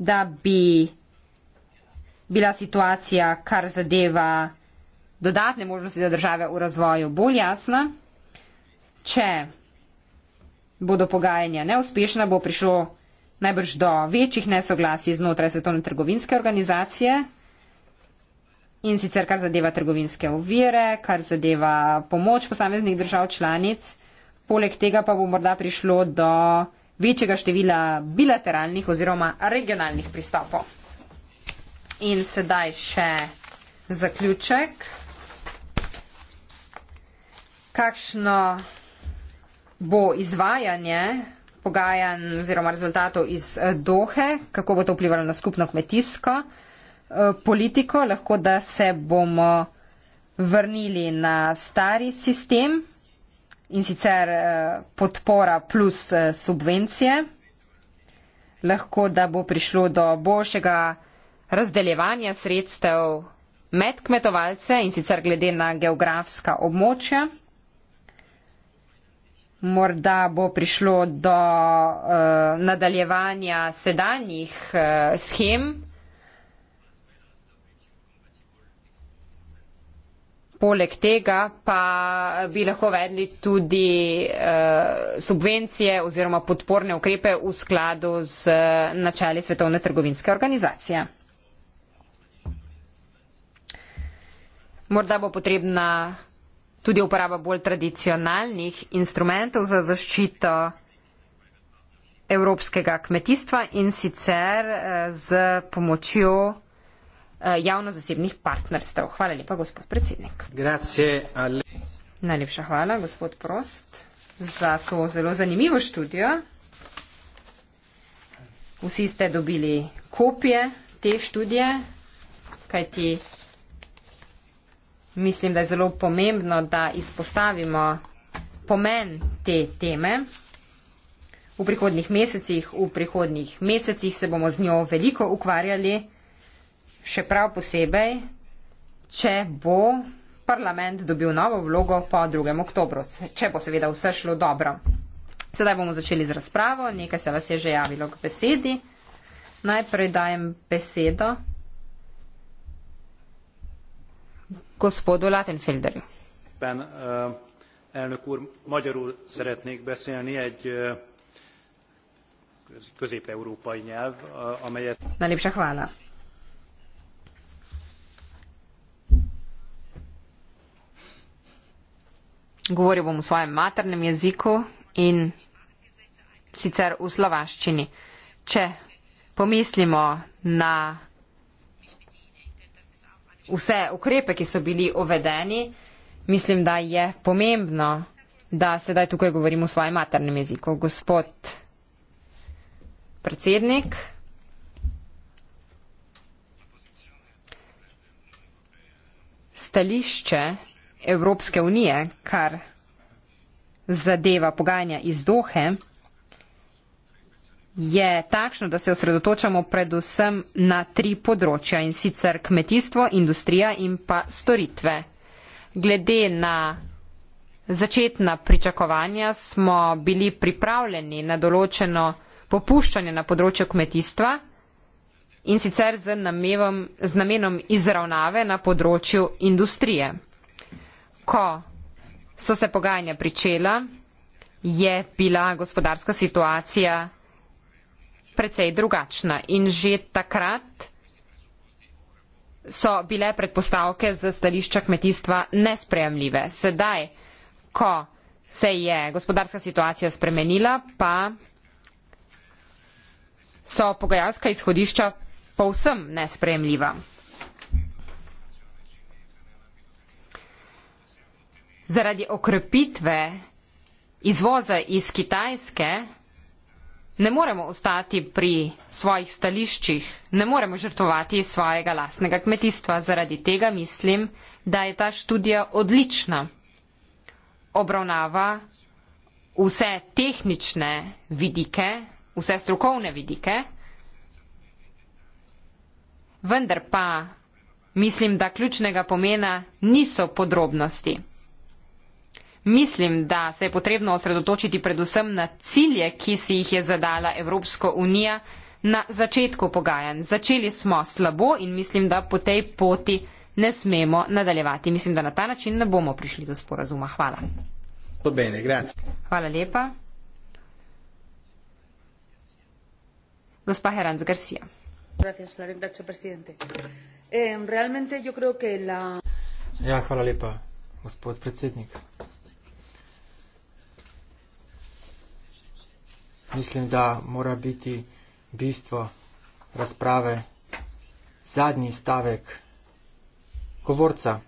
da bi bila situacija, kar zadeva dodatne možnosti za države v razvoju, bolj jasna. Če bodo pogajanja neuspešna, bo prišlo najbrž do večjih nesoglasij znotraj svetovne trgovinske organizacije in sicer kar zadeva trgovinske ovire, kar zadeva pomoč posameznih držav članic poleg tega pa bo morda prišlo do večjega števila bilateralnih oziroma regionalnih pristopov. In sedaj še zaključek. Kakšno bo izvajanje pogajanj oziroma rezultatov iz eh, Dohe, kako bo to vplivalo na skupno kmetijsko eh, politiko, lahko da se bomo vrnili na stari sistem in sicer eh, podpora plus eh, subvencije. Lahko, da bo prišlo do boljšega razdeljevanja sredstev med kmetovalce in sicer glede na geografska območja. Morda bo prišlo do uh, nadaljevanja sedanjih uh, schem poleg tega pa bi lahko vedli tudi uh, subvencije oziroma podporne ukrepe v skladu z eh, načali Svetovne trgovinske organizacije. Morda bo potrebna tudi uporaba bolj tradicionalnih instrumentov za zaščito evropskega kmetijstva in sicer z eh, pomočjo Eh, javno-zasebnih partnerstev. Hvala lepa, gospod predsednik. Najlepša hvala, gospod Prost, za to zelo zanimivo študijo. Vsi ste dobili kopije te študije, kajti mislim, da je zelo pomembno, da izpostavimo pomen te teme. V prihodnih mesecih, v prihodnih mesecih se bomo z njo veliko ukvarjali še prav posebej, če bo parlament dobil novo vlogo po 2. oktobru, če bo seveda vse šlo dobro. Sedaj bomo začeli z razpravo, nekaj se vas je že javilo k besedi. Najprej dajem besedo gospodu Latenfelderju. Ben, uh, elnök úr, magyarul szeretnék beszélni egy uh, közép-európai nyelv, uh, amelyet... Najlepša hvala. Govoril bom v svojem maternem jeziku in sicer v slovaščini. Če pomislimo na vse ukrepe, ki so bili uvedeni, mislim, da je pomembno, da sedaj tukaj govorim v svojem maternem jeziku. Gospod predsednik, stališče Evropske unije, kar zadeva pogajanja iz Dohe, je takšno, da se osredotočamo predvsem na tri področja in sicer kmetijstvo, industrija in pa storitve. Glede na začetna pričakovanja smo bili pripravljeni na določeno popuščanje na področju kmetijstva in sicer z, namevom, z namenom izravnave na področju industrije ko so se pogajanja pričela, je bila gospodarska situacija precej drugačna in že takrat so bile predpostavke za stališča kmetijstva nespremljive. Sedaj, ko se je gospodarska situacija spremenila, pa so pogajalska izhodišča povsem nespremljiva. zaradi okrepitve izvoza iz Kitajske ne moremo ostati pri svojih stališčih, ne moremo žrtovati svojega lastnega kmetijstva. Zaradi tega mislim, da je ta študija odlična. Obravnava vse tehnične vidike, vse strokovne vidike, vendar pa mislim, da ključnega pomena niso podrobnosti. Mislim, da se je potrebno osredotočiti predvsem na cilje, ki si jih je zadala Evropska unija na začetku pogajanj. Začeli smo slabo in mislim, da po tej poti ne smemo nadaljevati. Mislim, da na ta način ne bomo prišli do sporazuma. Hvala. Bene, Hvala lepa. Gospa Heranz Garcia. Eh, ja, hvala lepa, gospod predsednik. mislim, da mora biti bistvo razprave zadnji stavek govorca.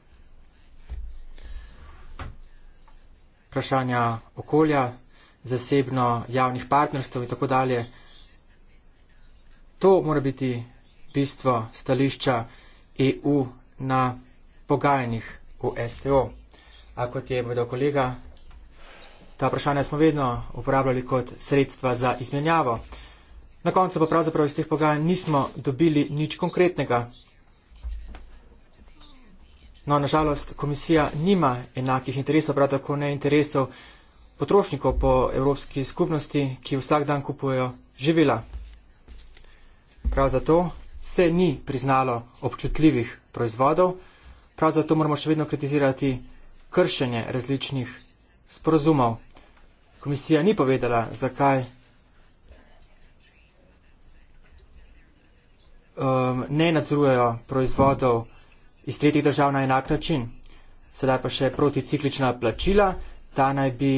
Vprašanja okolja, zasebno javnih partnerstv in tako dalje. To mora biti bistvo stališča EU na pogajanjih v STO. A kot je povedal kolega, Ta vprašanja smo vedno uporabljali kot sredstva za izmenjavo. Na koncu pa pravzaprav iz teh pogajanj nismo dobili nič konkretnega. No, nažalost, komisija nima enakih interesov, prav tako ne interesov potrošnikov po evropski skupnosti, ki vsak dan kupujejo živila. Prav zato se ni priznalo občutljivih proizvodov, prav zato moramo še vedno kritizirati kršenje različnih sporozumov. Komisija ni povedala, zakaj um, ne nadzorujejo proizvodov iz tretjih držav na enak način. Sedaj pa še proticiklična plačila, ta naj bi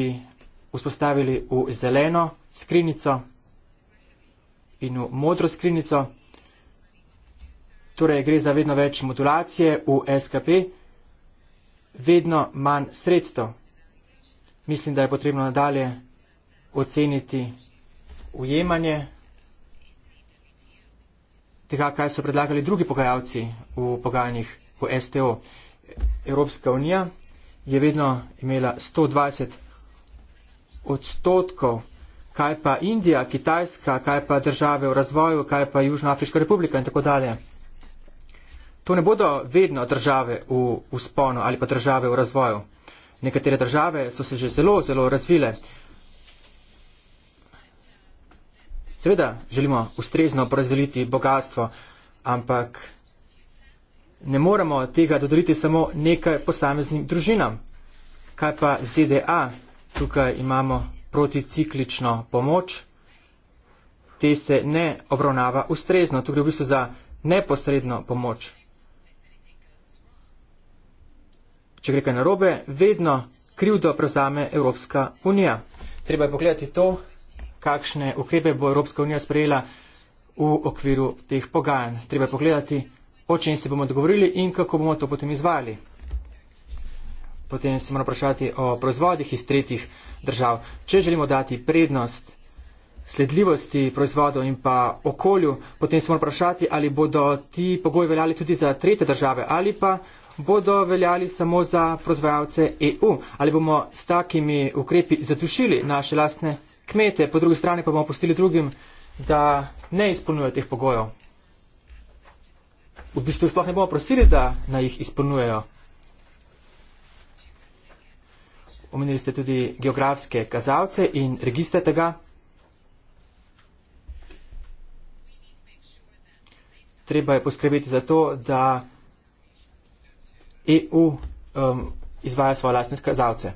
vzpostavili v zeleno skrinico in v modro skrinico. Torej gre za vedno več modulacije v SKP, vedno manj sredstev. Mislim, da je potrebno nadalje oceniti ujemanje tega, kaj so predlagali drugi pogajalci v pogajanjih v STO. Evropska unija je vedno imela 120 odstotkov, kaj pa Indija, Kitajska, kaj pa države v razvoju, kaj pa Južnoafriška republika in tako dalje. To ne bodo vedno države v usponu ali pa države v razvoju. Nekatere države so se že zelo, zelo razvile. Seveda želimo ustrezno porazdeliti bogatstvo, ampak ne moremo tega dodeliti samo nekaj posameznim družinam. Kaj pa ZDA? Tukaj imamo proticiklično pomoč. Te se ne obravnava ustrezno. Tukaj gre v bistvu za neposredno pomoč. če gre kaj narobe, vedno krivdo prevzame Evropska unija. Treba je pogledati to, kakšne ukrepe bo Evropska unija sprejela v okviru teh pogajanj. Treba je pogledati, o čem se bomo dogovorili in kako bomo to potem izvajali. Potem se moramo vprašati o proizvodih iz tretjih držav. Če želimo dati prednost sledljivosti proizvodov in pa okolju, potem se moramo vprašati, ali bodo ti pogoji veljali tudi za tretje države ali pa bodo veljali samo za proizvajalce EU. Ali bomo s takimi ukrepi zadušili naše lastne kmete, po drugi strani pa bomo postili drugim, da ne izpolnjujejo teh pogojev. V bistvu sploh ne bomo prosili, da naj jih izpolnjujejo. Omenili ste tudi geografske kazalce in registre tega. Treba je poskrbeti za to, da EU um, izvaja svoje lastne kazalce.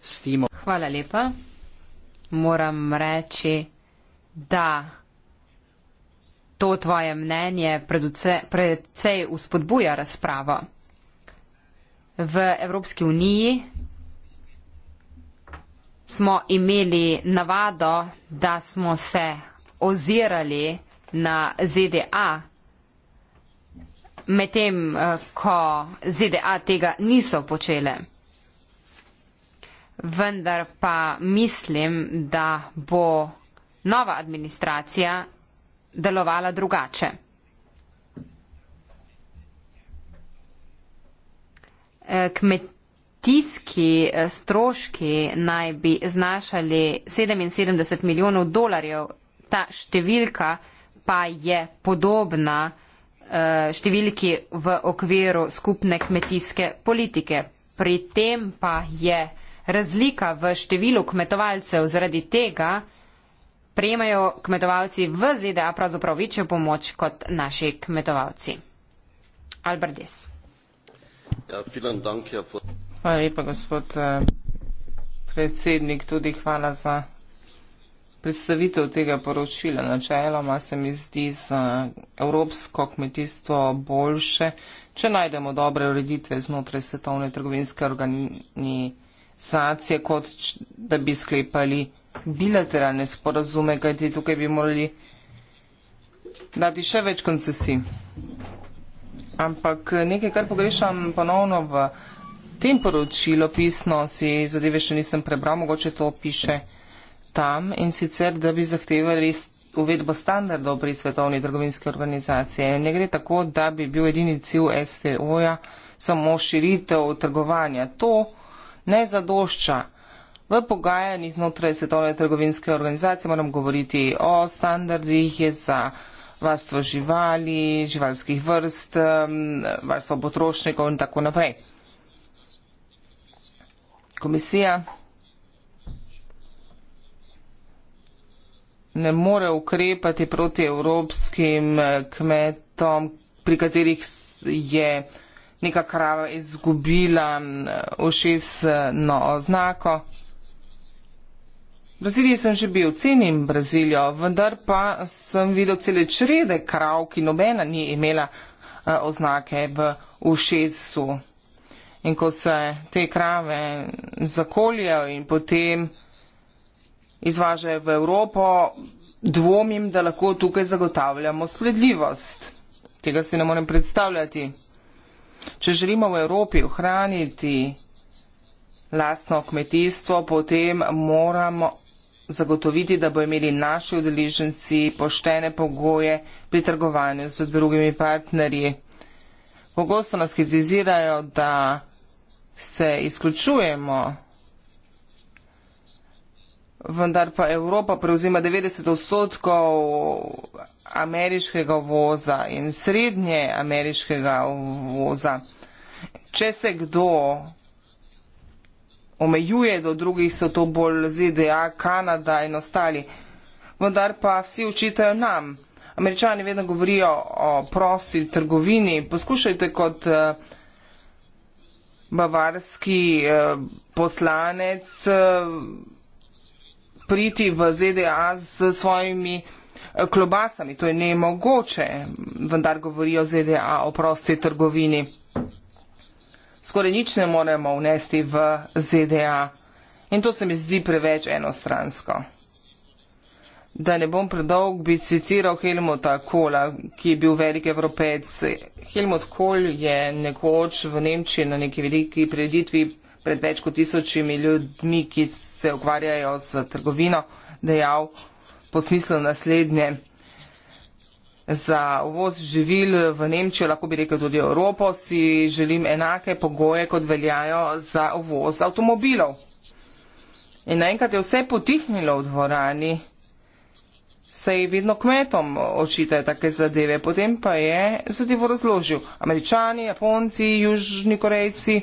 Stimo. Hvala lepa. Moram reči, da to tvoje mnenje predvsej uspodbuja razpravo. V Evropski uniji smo imeli navado, da smo se ozirali na ZDA medtem eh, ko ZDA tega niso počele. Vendar pa mislim, da bo nova administracija delovala drugače. Eh, kmetijski eh, stroški naj bi znašali 77 milijonov dolarjev, ta številka pa je podobna Eh, številki v okviru skupne kmetijske politike. Pri tem pa je razlika v številu kmetovalcev zaradi tega, prejmejo kmetovalci v ZDA pravzaprav večjo pomoč kot naši kmetovalci. Albert Des. Ja, dank, ja, for... Hvala lepa, gospod eh, predsednik, tudi hvala za predstavitev tega poročila. Načeloma se mi zdi za evropsko kmetijstvo boljše, če najdemo dobre ureditve znotraj svetovne trgovinske organizacije, kot da bi sklepali bilateralne sporazume, kajti tukaj bi morali dati še več koncesij. Ampak nekaj, kar pogrešam ponovno v tem poročilu pisno, si zadeve še nisem prebral, mogoče to piše tam in sicer, da bi zahtevali uvedbo standardov pri svetovni trgovinski organizaciji. Ne gre tako, da bi bil edini cilj STO-ja samo širitev trgovanja. To ne zadošča. V pogajanjih znotraj svetovne trgovinske organizacije moram govoriti o standardih za varstvo živali, živalskih vrst, varstvo potrošnikov in tako naprej. Komisija ne more ukrepati proti evropskim eh, kmetom, pri katerih je neka krava izgubila eh, ošesno oznako. V Braziliji sem že bil, cenim Brazilijo, vendar pa sem videl cele črede krav, ki nobena ni imela eh, oznake v ušesu. In ko se te krave zakoljajo in potem izvažajo v Evropo, dvomim, da lahko tukaj zagotavljamo sledljivost. Tega si ne morem predstavljati. Če želimo v Evropi ohraniti lastno kmetijstvo, potem moramo zagotoviti, da bo imeli naši udeleženci poštene pogoje pri trgovanju z drugimi partnerji. Pogosto nas kritizirajo, da se izključujemo vendar pa Evropa prevzima 90 odstotkov ameriškega voza in srednje ameriškega voza. Če se kdo omejuje do drugih, so to bolj ZDA, Kanada in ostali. Vendar pa vsi učitajo nam. Američani vedno govorijo o prosti trgovini. Poskušajte kot eh, bavarski eh, poslanec eh, priti v ZDA s svojimi eh, klobasami. To je nemogoče, vendar govorijo ZDA o prosti trgovini. Skoraj nič ne moremo vnesti v ZDA. In to se mi zdi preveč enostransko. Da ne bom predolg, bi citiral Helmuta Kola, ki je bil velik evropec. Helmut Kol je nekoč v Nemčiji na neki veliki preditvi pred več kot tisočimi ljudmi, ki se ukvarjajo z trgovino, dejal po smislu naslednje. Za uvoz živil v Nemčijo, lahko bi rekel tudi Evropo, si želim enake pogoje, kot veljajo za uvoz avtomobilov. In naenkrat je vse potihnilo v dvorani, saj vedno kmetom očitajo take zadeve, potem pa je zadevo razložil. Američani, Japonci, Južni Korejci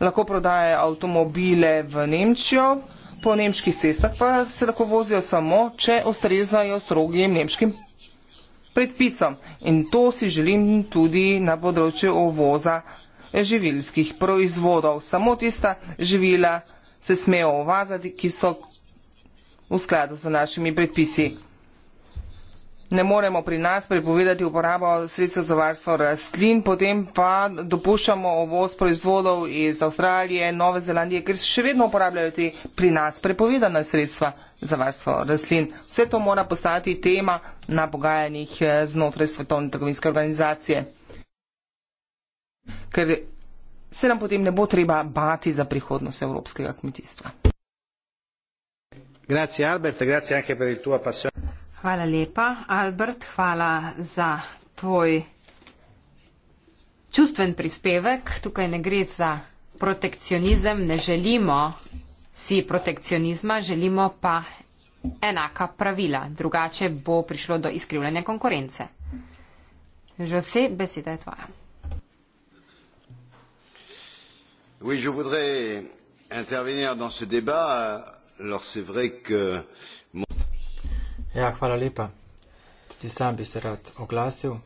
lahko prodajajo avtomobile v Nemčijo, po nemških cestah pa se lahko vozijo samo, če ustrezajo strogim nemškim predpisom. In to si želim tudi na področju ovoza živilskih proizvodov. Samo tista živila se smejo ovazati, ki so v skladu z našimi predpisi ne moremo pri nas prepovedati uporabo sredstev za varstvo rastlin, potem pa dopuščamo ovoz proizvodov iz Avstralije, Nove Zelandije, ker še vedno uporabljajo te pri nas prepovedane sredstva za varstvo rastlin. Vse to mora postati tema na pogajanjih eh, znotraj Svetovne trgovinske organizacije. Ker se nam potem ne bo treba bati za prihodnost evropskega kmetijstva. Grazie Albert, grazie anche per il tuo appassionato. Hvala lepa, Albert, hvala za tvoj čustven prispevek. Tukaj ne gre za protekcionizem, ne želimo si protekcionizma, želimo pa enaka pravila, drugače bo prišlo do izkrivljanja konkurence. Že vse beseda je tvoja. Oui, je voudrais intervenir dans ce débat. Euh, alors, c'est vrai que. Ja, hvala lepa. Tudi sam bi se rad oglasil.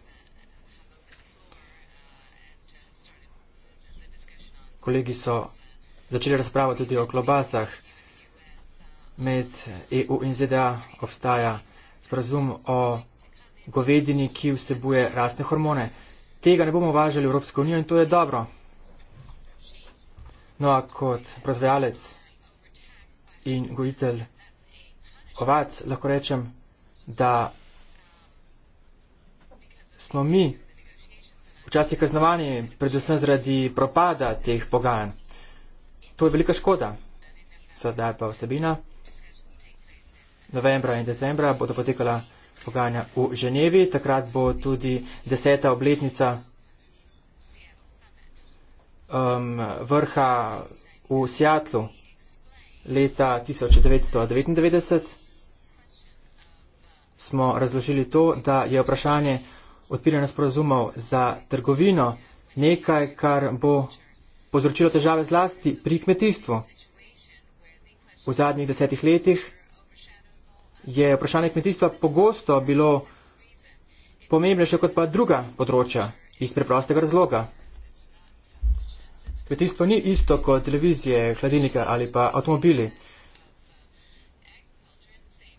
Kolegi so začeli razpravo tudi o klobasah. Med EU in ZDA obstaja sporazum o govedini, ki vsebuje rasne hormone. Tega ne bomo važali v Evropsko unijo in to je dobro. No, a kot proizvajalec in gojitelj ovac, lahko rečem, da smo mi včasih kaznovani, predvsem zaradi propada teh pogajanj. To je velika škoda. Sedaj pa vsebina. Novembra in decembra bodo potekala pogajanja v Ženevi, takrat bo tudi deseta obletnica um, vrha v Seattlu leta 1999 smo razložili to, da je vprašanje odpiranja sporozumov za trgovino nekaj, kar bo povzročilo težave zlasti pri kmetijstvu. V zadnjih desetih letih je vprašanje kmetijstva pogosto bilo pomembnejše kot pa druga področja iz preprostega razloga. Kmetijstvo ni isto kot televizije, hladilnike ali pa avtomobili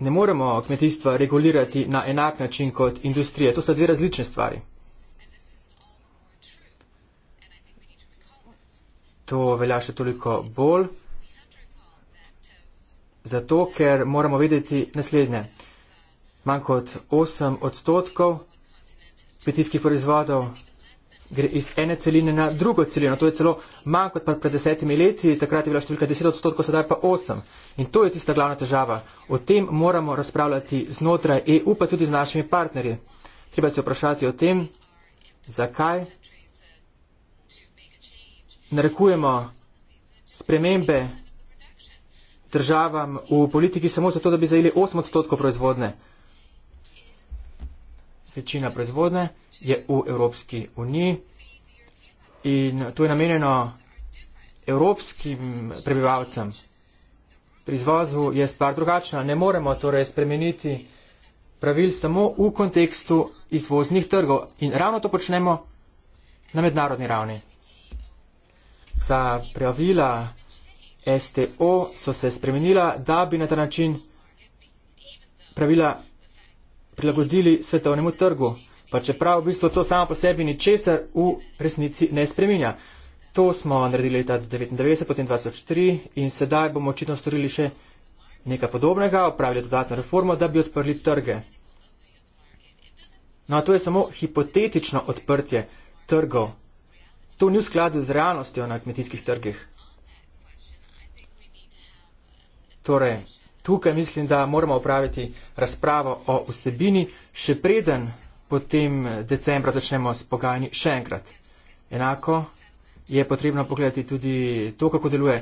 ne moremo kmetijstva regulirati na enak način kot industrije. To sta dve različne stvari. To velja še toliko bolj, zato ker moramo vedeti naslednje. Manj kot 8 odstotkov kmetijskih proizvodov gre iz ene celine na drugo celino. To je celo manj kot pred desetimi leti, takrat je bila številka 10 odstotkov, sedaj pa 8. In to je tista glavna težava. O tem moramo razpravljati znotraj EU, pa tudi z našimi partnerji. Treba se vprašati o tem, zakaj narekujemo spremembe državam v politiki samo zato, da bi zajeli 8 odstotkov proizvodne večina proizvodne je v Evropski uniji in to je namenjeno evropskim prebivalcem. Pri izvozu je stvar drugačna. Ne moremo torej spremeniti pravil samo v kontekstu izvoznih trgov in ravno to počnemo na mednarodni ravni. Za pravila STO so se spremenila, da bi na ta način pravila prilagodili svetovnemu trgu, pa čeprav v bistvu to samo po sebi ničesar v resnici ne spreminja. To smo naredili leta 1999, potem 2003 in sedaj bomo očitno storili še nekaj podobnega, opravili dodatno reformo, da bi odprli trge. No, a to je samo hipotetično odprtje trgov. To ni v skladu z realnostjo na kmetijskih trgih. Torej, tukaj mislim, da moramo upraviti razpravo o vsebini, še preden potem decembra začnemo s pogajanji še enkrat. Enako je potrebno pogledati tudi to, kako deluje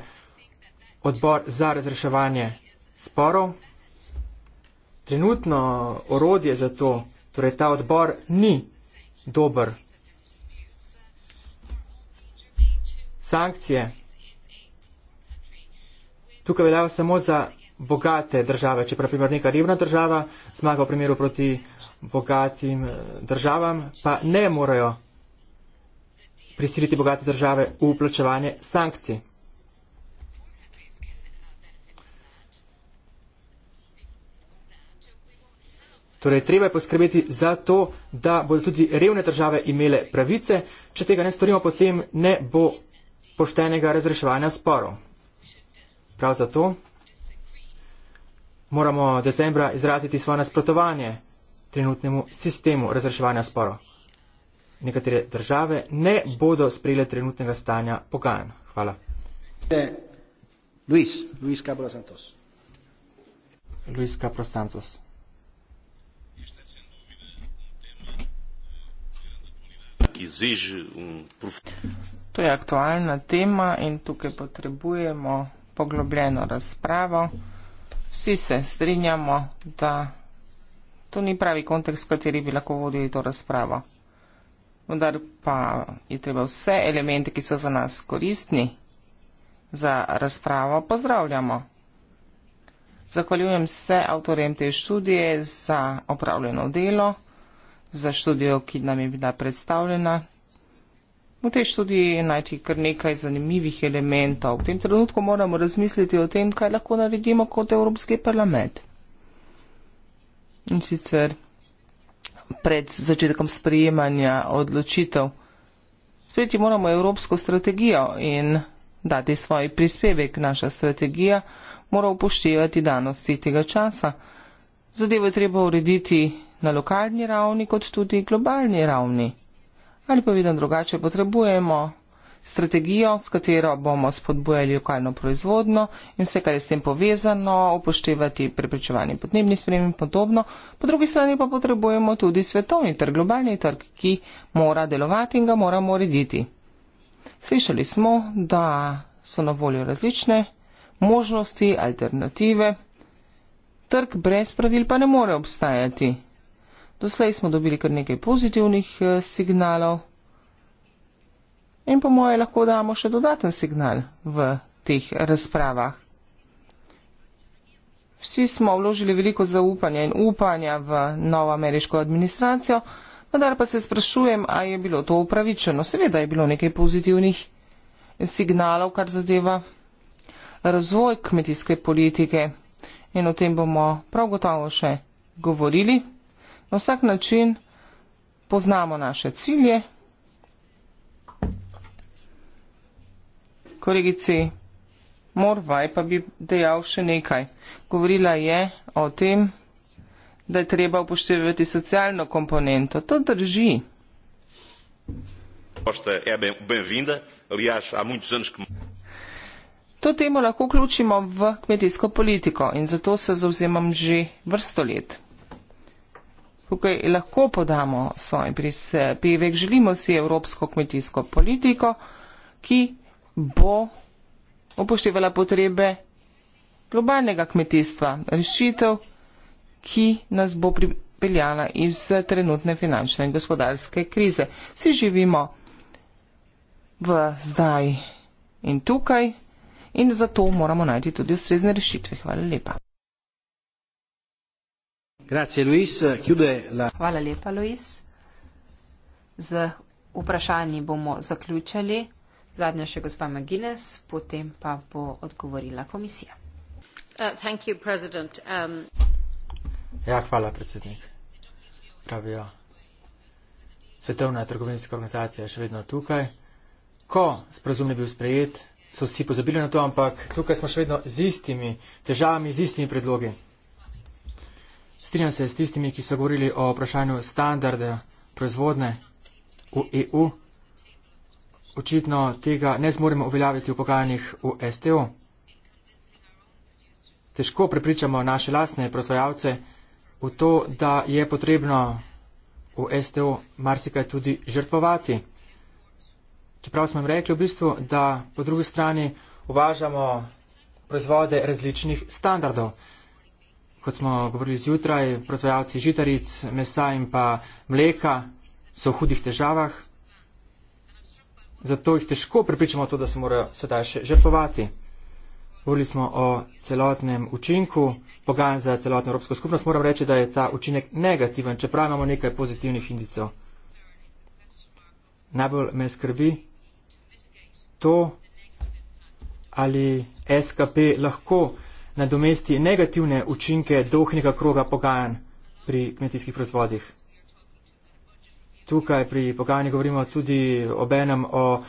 odbor za razreševanje sporov. Trenutno orodje za to, torej ta odbor ni dober. Sankcije. Tukaj veljajo samo za bogate države. Če primer neka revna država zmaga v primeru proti bogatim eh, državam, pa ne morajo prisiliti bogate države v plačevanje sankcij. Torej, treba je poskrbeti za to, da bodo tudi revne države imele pravice. Če tega ne storimo, potem ne bo poštenega razreševanja sporov. Prav zato moramo decembra izraziti svoje nasprotovanje trenutnemu sistemu razreševanja sporo. Nekatere države ne bodo sprejele trenutnega stanja pogajanj. Hvala. Eh, Luis, Luis Cabra Santos. Luis Cabra Santos. Um to je aktualna tema in tukaj potrebujemo poglobljeno razpravo vsi se strinjamo, da to ni pravi kontekst, v kateri bi lahko vodili to razpravo. Vendar pa je treba vse elemente, ki so za nas koristni, za razpravo pozdravljamo. Zahvaljujem se avtorjem te študije za opravljeno delo, za študijo, ki nam je bila predstavljena, Moteč tudi najti kar nekaj zanimivih elementov. V tem trenutku moramo razmisliti o tem, kaj lahko naredimo kot Evropski parlament. In sicer pred začetkom sprejemanja odločitev. Sprejeti moramo evropsko strategijo in dati svoj prispevek. Naša strategija mora upoštevati danosti tega časa. Zadevo je treba urediti na lokalni ravni kot tudi globalni ravni ali pa vidno drugače potrebujemo strategijo, s katero bomo spodbujali lokalno proizvodno in vse, kar je s tem povezano, upoštevati preprečevanje podnebnih sprememb in podobno. Po drugi strani pa potrebujemo tudi svetovni trg, globalni trg, ki mora delovati in ga moramo urediti. Slišali smo, da so na voljo različne možnosti, alternative. Trg brez pravil pa ne more obstajati. Doslej smo dobili kar nekaj pozitivnih eh, signalov in po moje lahko damo še dodaten signal v teh razpravah. Vsi smo vložili veliko zaupanja in upanja v novo ameriško administracijo, vendar pa se sprašujem, a je bilo to upravičeno. Seveda je bilo nekaj pozitivnih signalov, kar zadeva razvoj kmetijske politike in o tem bomo prav gotovo še govorili. Na vsak način poznamo naše cilje. Kolegici Morvaj pa bi dejal še nekaj. Govorila je o tem, da je treba upoštevati socialno komponento. To drži. To temo lahko vključimo v kmetijsko politiko in zato se zauzemam že vrsto let. Tukaj lahko podamo svoj prispevek. Želimo si evropsko kmetijsko politiko, ki bo upoštevala potrebe globalnega kmetijstva, rešitev, ki nas bo pripeljala iz trenutne finančne in gospodarske krize. Vsi živimo v zdaj in tukaj in zato moramo najti tudi ustrezne rešitve. Hvala lepa. Grazie, Luis. La... Hvala lepa, Luis. Z vprašanji bomo zaključili. Zadnja še gospa McGuinness, potem pa bo odgovorila komisija. Uh, you, um... ja, hvala, predsednik. Pravijo. Svetovna trgovinska organizacija je še vedno tukaj. Ko sporozum je bil sprejet, so vsi pozabili na to, ampak tukaj smo še vedno z istimi težavami, z istimi predlogi strinjam se s tistimi, ki so govorili o vprašanju standarda proizvodne v EU. Očitno tega ne zmoremo uveljaviti v pogajanjih v STO. Težko prepričamo naše lastne proizvajalce v to, da je potrebno v STO marsikaj tudi žrtvovati. Čeprav smo jim rekli v bistvu, da po drugi strani uvažamo proizvode različnih standardov kot smo govorili zjutraj, proizvajalci žitaric, mesa in pa mleka so v hudih težavah. Zato jih težko pripričamo to, da se morajo sedaj še žrtvovati. Govorili smo o celotnem učinku pogajanj za celotno Evropsko skupnost. Moram reči, da je ta učinek negativen, čeprav imamo nekaj pozitivnih indicov. Najbolj me skrbi to, ali SKP lahko nadomesti negativne učinke dohnega kroga pogajanj pri kmetijskih proizvodih. Tukaj pri pogajanju govorimo tudi obenem o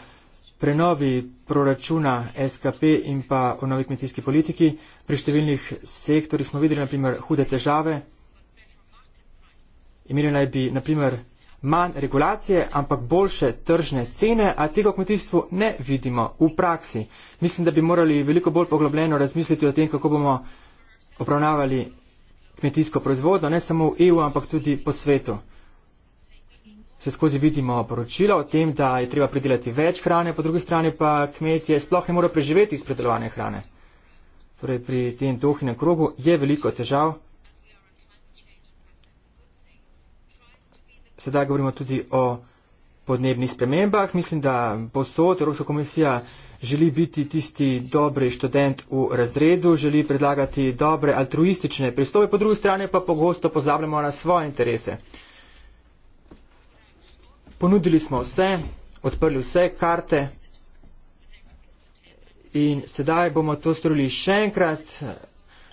prenovi proračuna SKP in pa o novi kmetijski politiki. Pri številnih sektorjih smo videli naprimer hude težave. Imeli naj bi naprimer manj regulacije, ampak boljše tržne cene, a tega v kmetijstvu ne vidimo v praksi. Mislim, da bi morali veliko bolj poglobljeno razmisliti o tem, kako bomo obravnavali kmetijsko proizvodno, ne samo v EU, ampak tudi po svetu. Se skozi vidimo poročila o tem, da je treba pridelati več hrane, po drugi strani pa kmetje sploh ne morejo preživeti iz predelovane hrane. Torej pri tem dohinem krogu je veliko težav. sedaj govorimo tudi o podnebnih spremembah. Mislim, da posod Evropska komisija želi biti tisti dobri študent v razredu, želi predlagati dobre altruistične pristope, po drugi strani pa pogosto pozabljamo na svoje interese. Ponudili smo vse, odprli vse karte in sedaj bomo to storili še enkrat.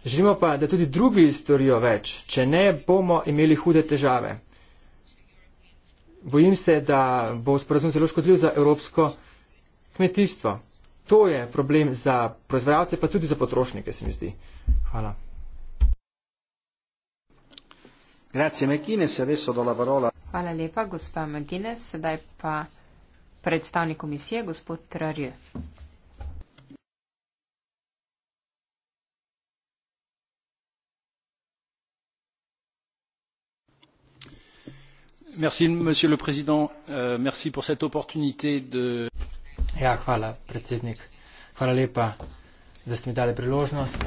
Želimo pa, da tudi drugi storijo več, če ne bomo imeli hude težave bojim se, da bo sporazum zelo škodljiv za evropsko kmetijstvo. To je problem za proizvajalce, pa tudi za potrošnike, se mi zdi. Hvala. Grazie, McGuinness. Adesso do la parola. Hvala lepa, gospa McGuinness. Sedaj pa predstavnik komisije, gospod Trarje. monsieur le président euh, merci pour cette opportunité de ja hvala predsednik hvala lepa da ste mi dali priložnost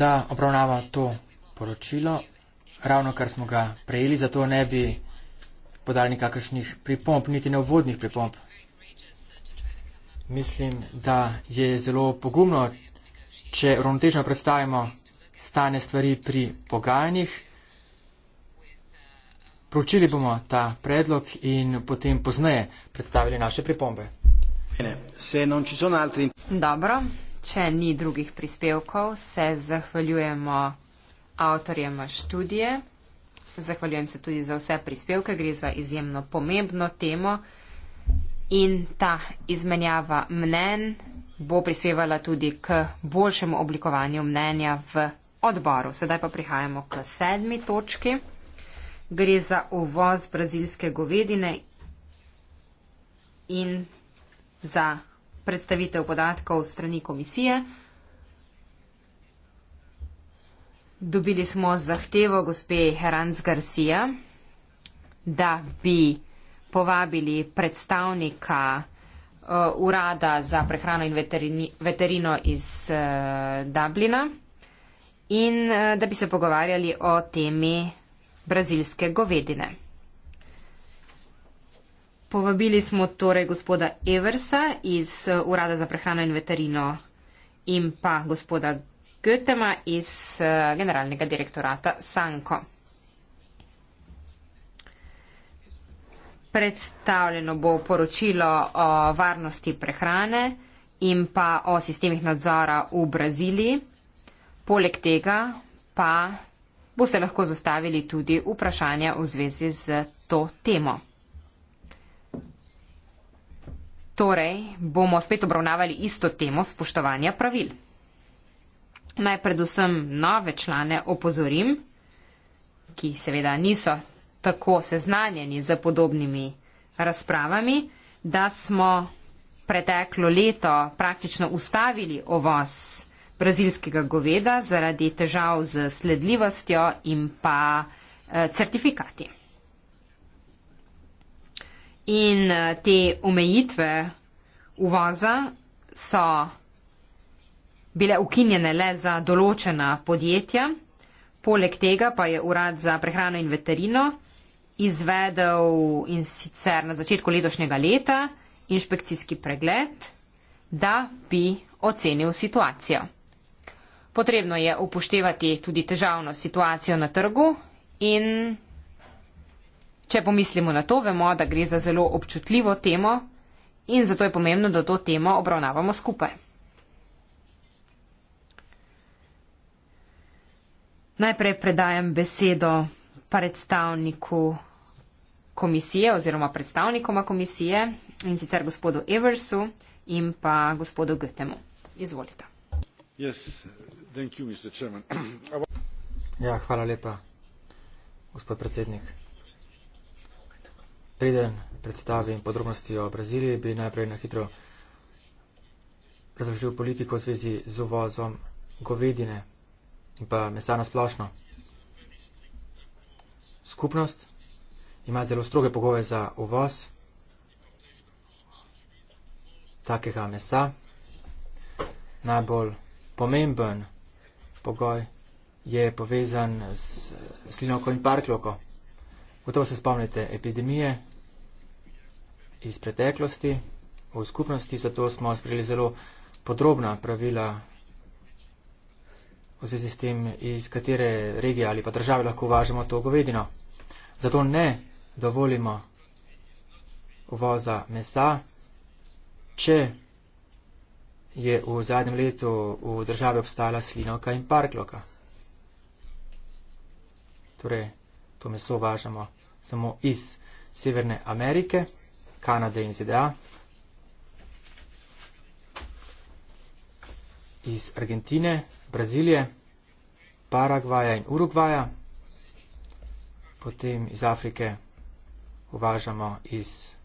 da obravnava to poročilo ravno kar smo ga prejeli zato ne bi podali nikakršnih pripomb niti ne uvodnih pripomb mislim da je zelo pogumno če ravnotežno predstavimo stanje stvari pri pogajanjih Proučili bomo ta predlog in potem pozneje predstavili naše pripombe. Dobro, če ni drugih prispevkov, se zahvaljujemo avtorjem študije. Zahvaljujem se tudi za vse prispevke, gre za izjemno pomembno temo in ta izmenjava mnen bo prispevala tudi k boljšemu oblikovanju mnenja v odboru. Sedaj pa prihajamo k sedmi točki gre za uvoz brazilske govedine in za predstavitev podatkov strani komisije. Dobili smo zahtevo gospe Heranz Garcia, da bi povabili predstavnika uh, urada za prehrano in veterini, veterino iz uh, Dublina in uh, da bi se pogovarjali o temi brazilske govedine. Povabili smo torej gospoda Eversa iz uh, Urada za prehrano in veterino in pa gospoda Götema iz uh, generalnega direktorata Sanko. Predstavljeno bo poročilo o varnosti prehrane in pa o sistemih nadzora v Braziliji. Poleg tega pa boste lahko zastavili tudi vprašanja v zvezi z to temo. Torej, bomo spet obravnavali isto temo spoštovanja pravil. Naj predvsem nove člane opozorim, ki seveda niso tako seznanjeni z podobnimi razpravami, da smo preteklo leto praktično ustavili ovoz brazilskega goveda zaradi težav z sledljivostjo in pa eh, certifikati. In eh, te omejitve uvoza so bile ukinjene le za določena podjetja. Poleg tega pa je Urad za prehrano in veterino izvedel in sicer na začetku letošnjega leta inšpekcijski pregled, da bi ocenil situacijo. Potrebno je upoštevati tudi težavno situacijo na trgu in če pomislimo na to, vemo, da gre za zelo občutljivo temo in zato je pomembno, da to temo obravnavamo skupaj. Najprej predajam besedo predstavniku komisije oziroma predstavnikoma komisije in sicer gospodu Eversu in pa gospodu Götemu. Izvolite. Yes. Ja, hvala lepa, gospod predsednik. Preden predstavim podrobnosti o Braziliji, bi najprej na hitro razložil politiko v zvezi z uvozom govedine in pa mesa na splošno. Skupnost ima zelo stroge pogoje za uvoz takega mesa. Najbolj pomemben pogoj je povezan s slinoko in parkloko. Gotovo se spomnite epidemije iz preteklosti. V skupnosti zato smo sprejeli zelo podrobna pravila v zvezi s tem, iz katere regije ali pa države lahko uvažamo to govedino. Zato ne dovolimo uvoza mesa, če je v zadnjem letu v državi obstala slinoka in parkloka. Torej, to meso važamo samo iz Severne Amerike, Kanade in ZDA, iz Argentine, Brazilije, Paragvaja in Urugvaja, potem iz Afrike uvažamo iz Amerike,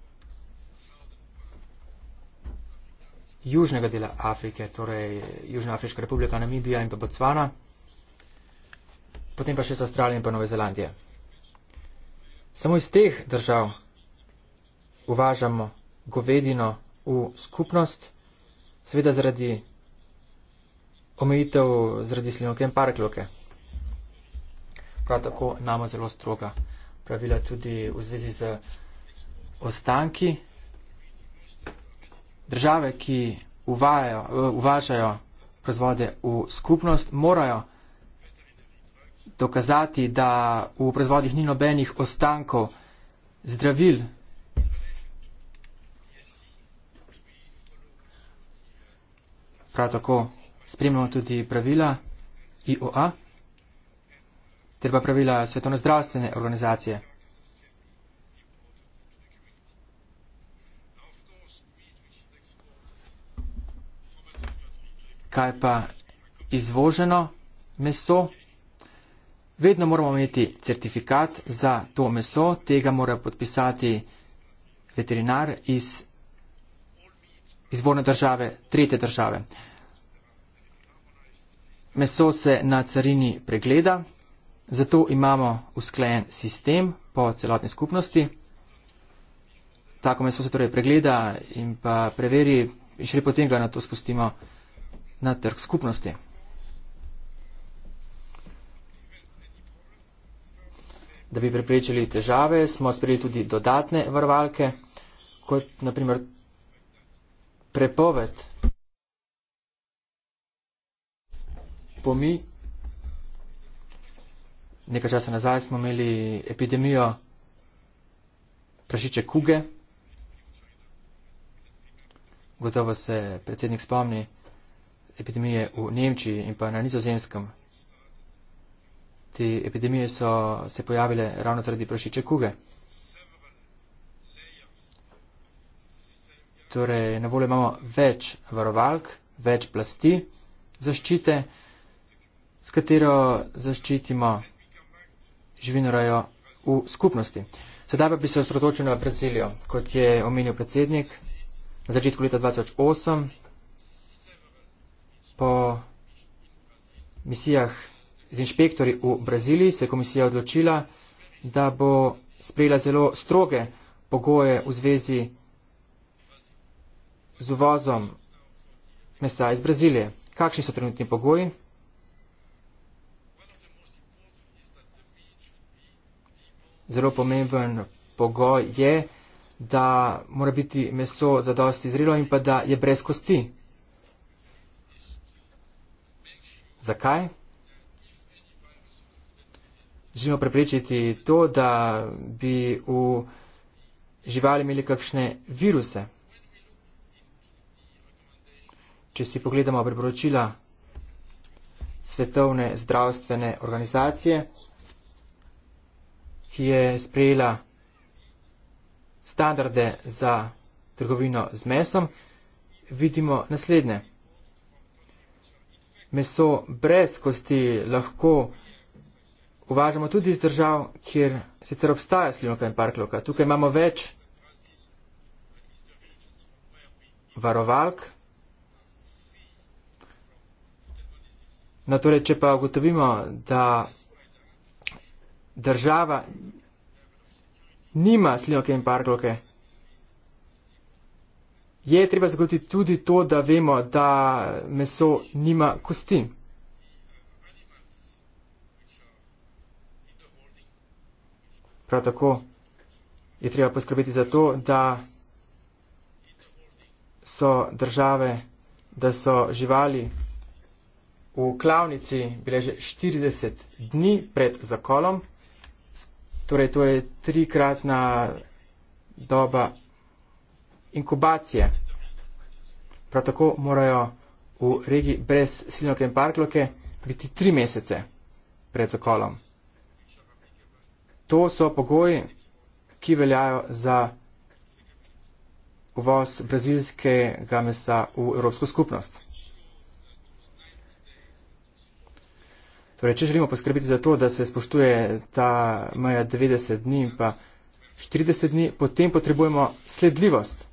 južnega dela Afrike, torej Južna Afriška republika, Namibija in pa Botsvana, potem pa še z Avstralije in pa Nove Zelandije. Samo iz teh držav uvažamo govedino v skupnost, seveda zaradi omejitev, zaradi slinoke in parkloke. Prav tako imamo zelo stroga pravila tudi v zvezi z ostanki države, ki uvajajo, eh, uvažajo proizvode v skupnost, morajo dokazati, da v proizvodih ni nobenih ostankov zdravil. Prav tako spremljamo tudi pravila IOA ter pa pravila Svetovne zdravstvene organizacije. kaj pa izvoženo meso. Vedno moramo imeti certifikat za to meso, tega mora podpisati veterinar iz izvorne države, tretje države. Meso se na carini pregleda, zato imamo usklajen sistem po celotni skupnosti. Tako meso se torej pregleda in pa preveri in šele potem ga na to spustimo na trg skupnosti. Da bi preprečili težave, smo sprejeli tudi dodatne varvalke, kot naprimer prepoved pomi. Nekaj časa nazaj smo imeli epidemijo prašiče kuge. Gotovo se predsednik spomni epidemije v Nemčiji in pa na nizozemskem. Te epidemije so se pojavile ravno zaradi prašiče kuge. Torej, na voljo imamo več varovalk, več plasti zaščite, s katero zaščitimo živinorajo v skupnosti. Sedaj pa bi se osredotočil na Brazilijo, kot je omenil predsednik na začetku leta 2008. Po misijah z inšpektori v Braziliji se je komisija odločila, da bo sprejela zelo stroge pogoje v zvezi z uvozom mesa iz Brazilije. Kakšni so trenutni pogoji? Zelo pomemben pogoj je, da mora biti meso zadosti zrelo in pa da je brez kosti. Zakaj? Želimo preprečiti to, da bi v živali imeli kakšne viruse. Če si pogledamo priporočila Svetovne zdravstvene organizacije, ki je sprejela standarde za trgovino z mesom, vidimo naslednje meso brez kosti lahko uvažamo tudi iz držav, kjer sicer obstaja slinoka in parkloka. Tukaj imamo več varovalk. No, torej, če pa ugotovimo, da država nima slinoke in parkloke, je treba zagotoviti tudi to, da vemo, da meso nima kosti. Prav tako je treba poskrbeti za to, da so države, da so živali v klavnici bile že 40 dni pred zakolom, torej to je trikratna doba inkubacije. Prav tako morajo v regiji brez silnoke in parkloke biti tri mesece pred zakolom. To so pogoji, ki veljajo za uvoz brazilskega mesa v Evropsko skupnost. Torej, če želimo poskrbiti za to, da se spoštuje ta meja 90 dni in pa 40 dni, potem potrebujemo sledljivost.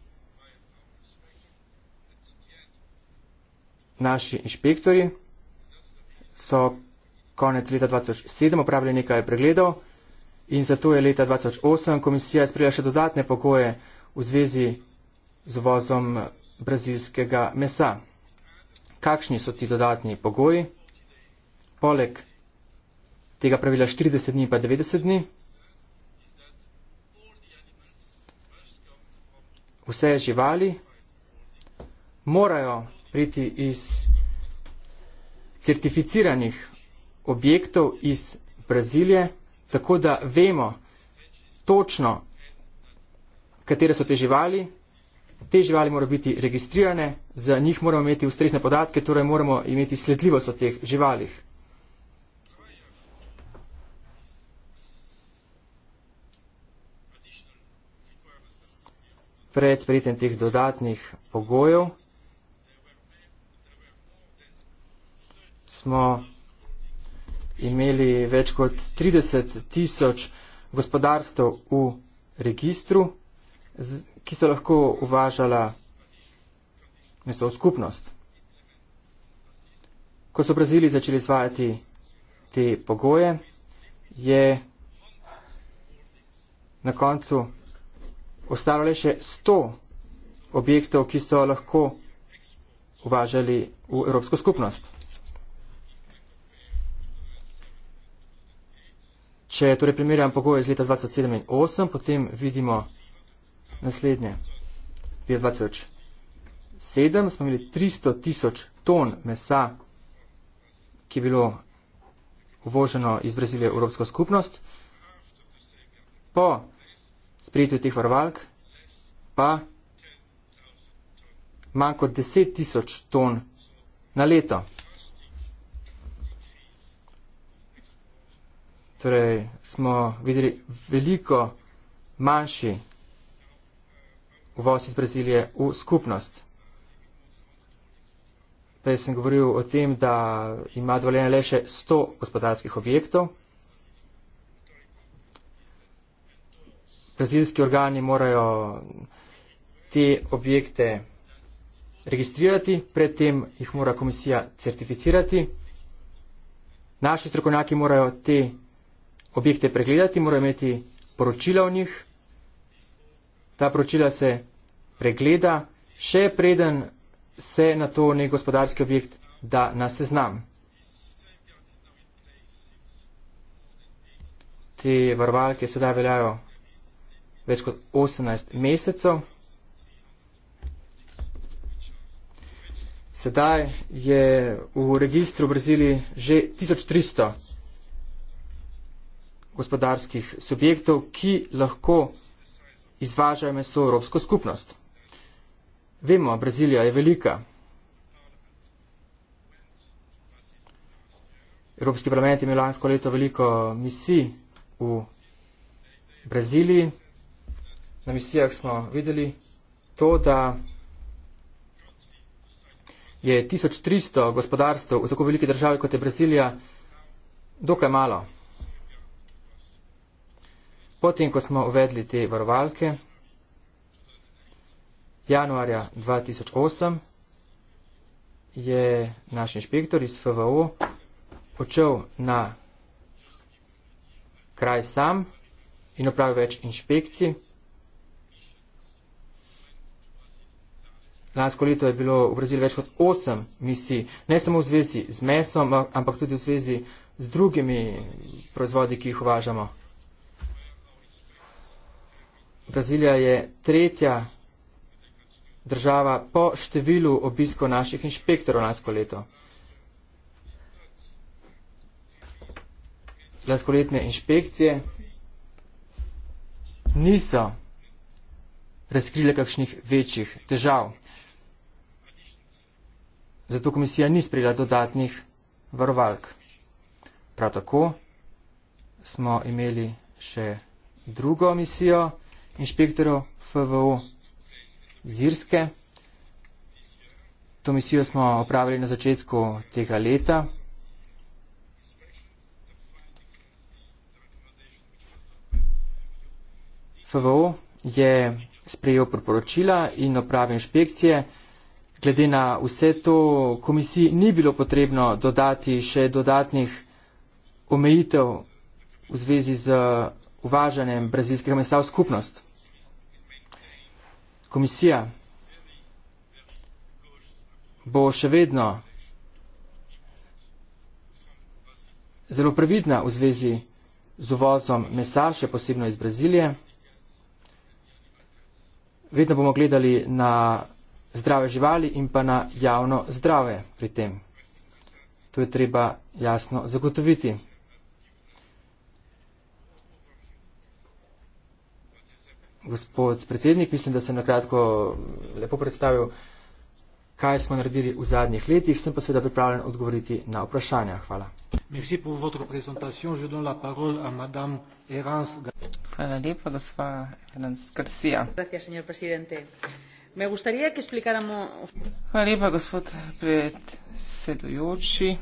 Naši inšpektori so konec leta 2007 opravili nekaj pregledov in zato je leta 2008 komisija sprejela še dodatne pogoje v zvezi z vozom brazilskega mesa. Kakšni so ti dodatni pogoji? Poleg tega pravila 40 dni pa 90 dni. Vse živali morajo priti iz certificiranih objektov iz Brazilije, tako da vemo točno, katere so te živali. Te živali morajo biti registrirane, za njih moramo imeti ustrezne podatke, torej moramo imeti sledljivost o teh živalih. Pred sprejetjem teh dodatnih pogojev smo imeli več kot 30 tisoč gospodarstv v registru, ki so lahko uvažala meso v skupnost. Ko so v Braziliji začeli izvajati te pogoje, je na koncu ostalo le še 100 objektov, ki so lahko uvažali v Evropsko skupnost. Če torej primerjam pogoje iz leta 2007 in 2008, potem vidimo naslednje. V 2007 smo imeli 300 tisoč ton mesa, ki je bilo uvoženo iz Brazilije v Evropsko skupnost. Po sprejetju teh varovalk pa manj kot 10 tisoč ton na leto. torej smo videli veliko manjši uvoz iz Brazilije v skupnost. Prej sem govoril o tem, da ima dovoljene le še 100 gospodarskih objektov. Brazilski organi morajo te objekte registrirati, predtem jih mora komisija certificirati. Naši strokovnjaki morajo te objekte pregledati, morajo imeti poročila o njih. Ta poročila se pregleda, še preden se na to nek gospodarski objekt da na seznam. Te varvalke sedaj veljajo več kot 18 mesecev. Sedaj je v registru v Braziliji že 1300 gospodarskih subjektov, ki lahko izvažajo meso v Evropsko skupnost. Vemo, Brazilija je velika. Evropski parlament je imel lansko leto veliko misij v Braziliji. Na misijah smo videli to, da je 1300 gospodarstv v tako veliki državi kot je Brazilija dokaj malo. Potem, ko smo uvedli te varovalke, januarja 2008 je naš inšpektor iz FVO počel na kraj sam in opravil več inšpekcij. Lansko leto je bilo v Brazilu več kot 8 misij, ne samo v zvezi z mesom, ampak tudi v zvezi z drugimi proizvodi, ki jih uvažamo. Brazilija je tretja država po številu obiskov naših inšpektorov lansko leto. Lanskoletne inšpekcije niso razkrile kakšnih večjih težav. Zato komisija ni sprejela dodatnih varovalk. Prav tako smo imeli še drugo misijo inšpektorov FVO z Irske. To misijo smo opravili na začetku tega leta. FVO je sprejel priporočila in opravil inšpekcije. Glede na vse to komisiji ni bilo potrebno dodati še dodatnih omejitev v zvezi z uvažanjem brazilskega mesa v skupnost komisija bo še vedno zelo previdna v zvezi z uvozom mesa, še posebno iz Brazilije. Vedno bomo gledali na zdrave živali in pa na javno zdrave pri tem. To je treba jasno zagotoviti. gospod predsednik, mislim, da sem nakratko lepo predstavil, kaj smo naredili v zadnjih letih, sem pa seveda pripravljen odgovoriti na vprašanja. Hvala. Hvala lepa, gospa Erans Garcia. Hvala lepa, gospod predsedujoči.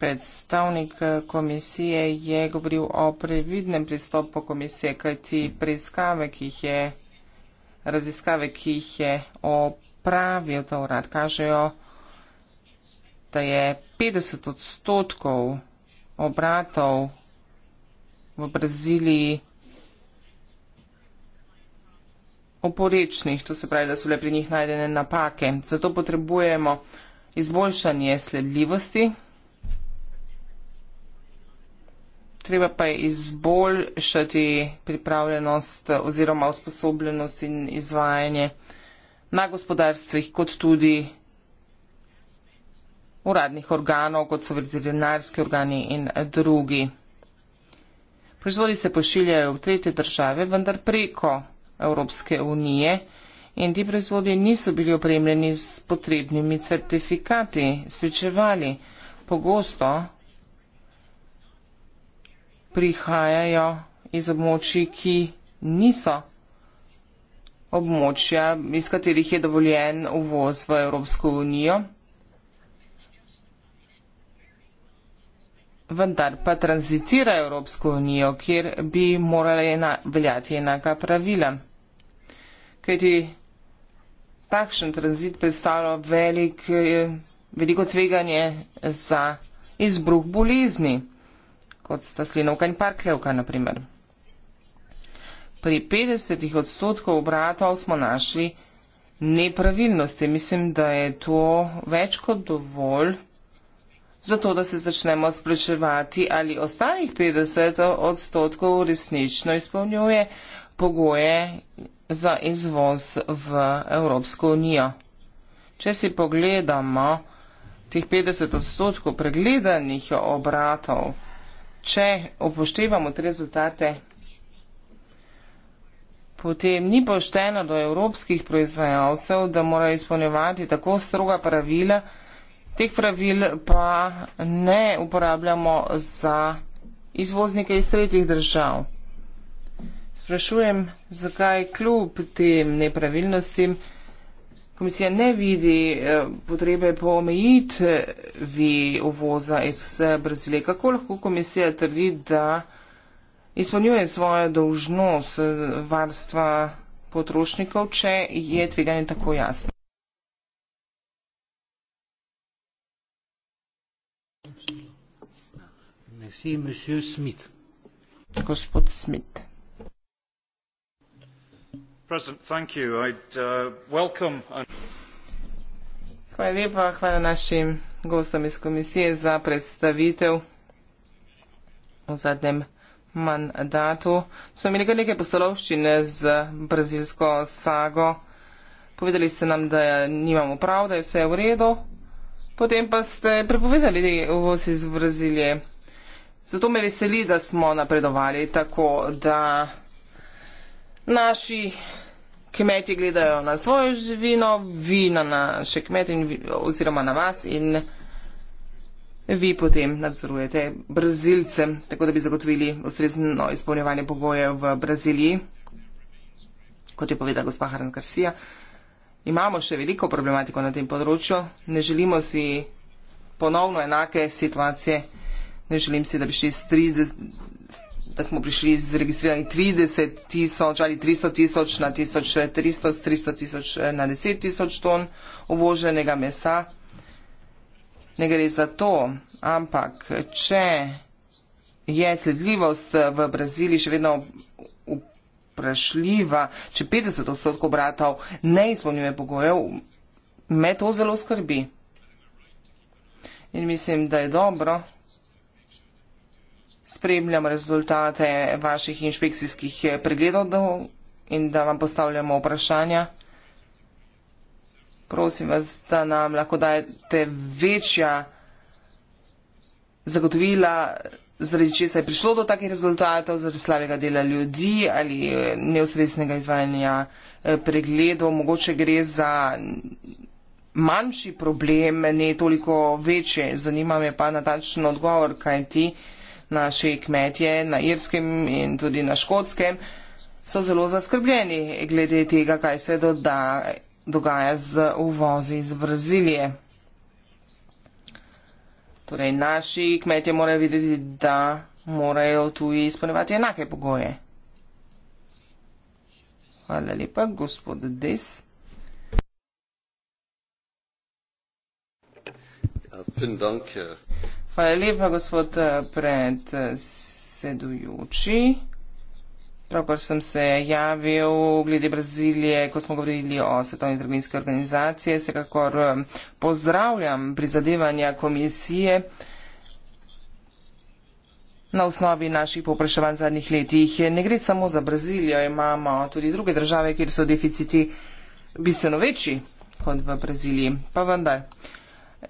Predstavnik eh, komisije je govoril o previdnem pristopu komisije, kajti preiskave, ki jih je, raziskave, ki jih je opravil ta urad, kažejo, da je 50 odstotkov obratov v Braziliji oporečnih, to se pravi, da so bile pri njih najdene napake. Zato potrebujemo izboljšanje sledljivosti. treba pa je izboljšati pripravljenost oziroma usposobljenost in izvajanje na gospodarstvih, kot tudi uradnih organov, kot so veterinarski organi in drugi. Proizvodi se pošiljajo v tretje države, vendar preko Evropske unije in ti proizvodi niso bili opremljeni s potrebnimi certifikati, spričevali. Pogosto prihajajo iz območij, ki niso območja, iz katerih je dovoljen uvoz v Evropsko unijo, vendar pa transitira Evropsko unijo, kjer bi morali ena, veljati enaka pravila. Kajti takšen tranzit predstavlja velik, eh, veliko tveganje za izbruh bolezni kot sta slinovka in parkljevka, naprimer. Pri 50 odstotkov obratov smo našli nepravilnosti. Mislim, da je to več kot dovolj, zato da se začnemo spraševati, ali ostalih 50 odstotkov resnično izpolnjuje pogoje za izvoz v Evropsko unijo. Če si pogledamo tih 50 odstotkov pregledanih obratov, če upoštevamo te rezultate, potem ni pošteno do evropskih proizvajalcev, da morajo izpolnjevati tako stroga pravila, teh pravil pa ne uporabljamo za izvoznike iz tretjih držav. Sprašujem, zakaj kljub tem nepravilnostim, komisija ne vidi eh, potrebe po omejitvi uvoza iz eh, Brazilije. Kako lahko komisija trdi, da izpolnjuje svojo dolžnost eh, varstva potrošnikov, če je tveganje tako jasno? Merci, monsieur Smith. Gospod Smith. Uh, hvala lepa, hvala našim gostom iz komisije za predstavitev v zadnjem mandatu. So imeli kar nekaj postolovščine z brazilsko sago. Povedali ste nam, da nimamo prav, da je vse v redu. Potem pa ste prepovedali uvoz iz Brazilije. Zato me veseli, da smo napredovali tako, da naši kmeti gledajo na svojo živino, vi na naše kmete oziroma na vas in vi potem nadzorujete brazilce, tako da bi zagotovili ustrezno izpolnjevanje pogojev v Braziliji, kot je povedala gospa Haran Karsija. Imamo še veliko problematiko na tem področju, ne želimo si ponovno enake situacije, ne želim si, da bi šli 30 da smo prišli z registriranih 30 tisoč ali 300 tisoč na 1300, 300 tisoč na 10 tisoč ton uvoženega mesa. Ne gre za to, ampak če je sledljivost v Braziliji še vedno vprašljiva, če 50 odstotkov bratov ne izpolnjuje pogojev, me to zelo skrbi. In mislim, da je dobro, spremljam rezultate vaših inšpekcijskih pregledov in da vam postavljamo vprašanja. Prosim vas, da nam lahko dajete večja zagotovila, zaradi če se je prišlo do takih rezultatov, zaradi slabega dela ljudi ali eh, neustresnega izvajanja eh, pregledov. Mogoče gre za manjši problem, ne toliko večje. Zanima me pa natačno odgovor, kaj ti. Naši kmetje na Irskem in tudi na Škotskem so zelo zaskrbljeni glede tega, kaj se doda, dogaja z uvozi iz Brazilije. Torej, naši kmetje morajo videti, da morajo tuji izpolnjevati enake pogoje. Hvala lepa, gospod Des. Uh, dank, uh, Hvala lepa, gospod eh, predsedujoči. Pravkar sem se javil glede Brazilije, ko smo govorili o svetovni trgovinski organizaciji. Vsekakor eh, pozdravljam prizadevanja komisije. Na osnovi naših popraševanj zadnjih letih ne gre samo za Brazilijo, imamo tudi druge države, kjer so deficiti bistveno večji kot v Braziliji. Pa vendar,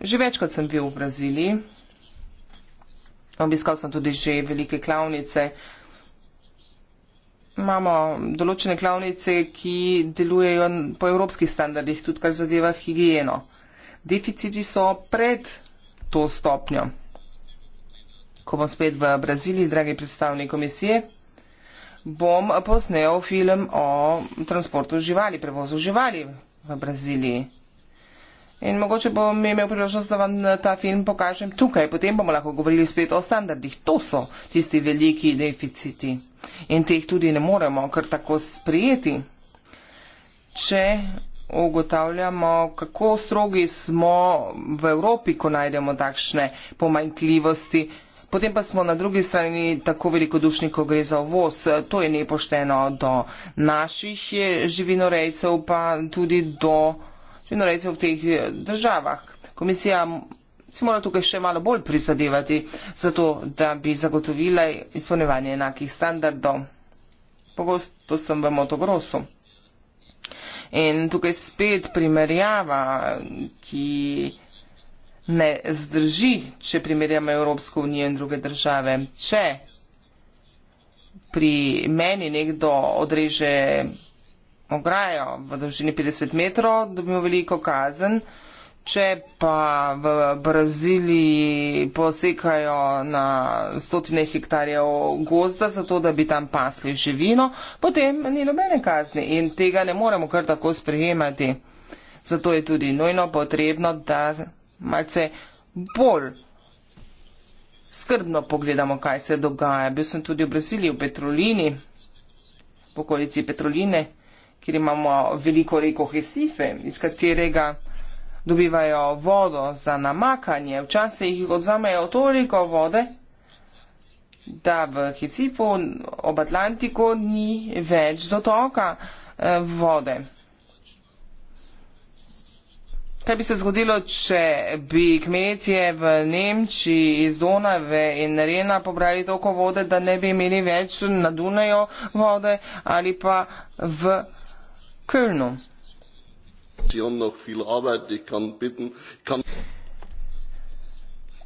že več kot sem bil v Braziliji, Obiskal sem tudi že velike klavnice. Imamo določene klavnice, ki delujejo po evropskih standardih, tudi kar zadeva higieno. Deficiti so pred to stopnjo. Ko bom spet v Braziliji, dragi predstavnik komisije, bom posnel film o transportu živali, prevozu živali v Braziliji. In mogoče bom imel priložnost, da vam eh, ta film pokažem tukaj, potem bomo lahko govorili spet o standardih. To so tisti veliki deficiti in teh tudi ne moremo kar tako sprijeti. Če ugotavljamo, kako strogi smo v Evropi, ko najdemo takšne pomanjkljivosti, potem pa smo na drugi strani tako velikodušni, ko gre za ovoz. To je nepošteno do naših eh, živinorejcev, pa tudi do vedno recimo v teh eh, državah. Komisija si mora tukaj še malo bolj prizadevati, zato da bi zagotovila izpolnevanje enakih standardov. Pogosto sem v motogrosu. In tukaj spet primerjava, ki ne zdrži, če primerjamo Evropsko unijo in druge države. Če pri meni nekdo odreže ograjo v dolžini 50 metrov, dobimo veliko kazen. Če pa v Braziliji posekajo na stotine hektarjev gozda, zato da bi tam pasli živino, potem ni nobene kazni in tega ne moremo kar tako sprejemati. Zato je tudi nujno potrebno, da malce bolj skrbno pogledamo, kaj se dogaja. Bil sem tudi v Braziliji, v Petrolini, v okolici Petroline kjer imamo veliko reko Hesife, iz katerega dobivajo vodo za namakanje. Včasih jih odzamejo toliko vode, da v Hesifu ob Atlantiku ni več dotoka eh, vode. Kaj bi se zgodilo, če bi kmetje v Nemčiji iz Donave in Rena pobrali toliko vode, da ne bi imeli več na Dunaju vode ali pa v Kölner. Sie haben noch viel Arbeit, ich kann bitten. Ich kann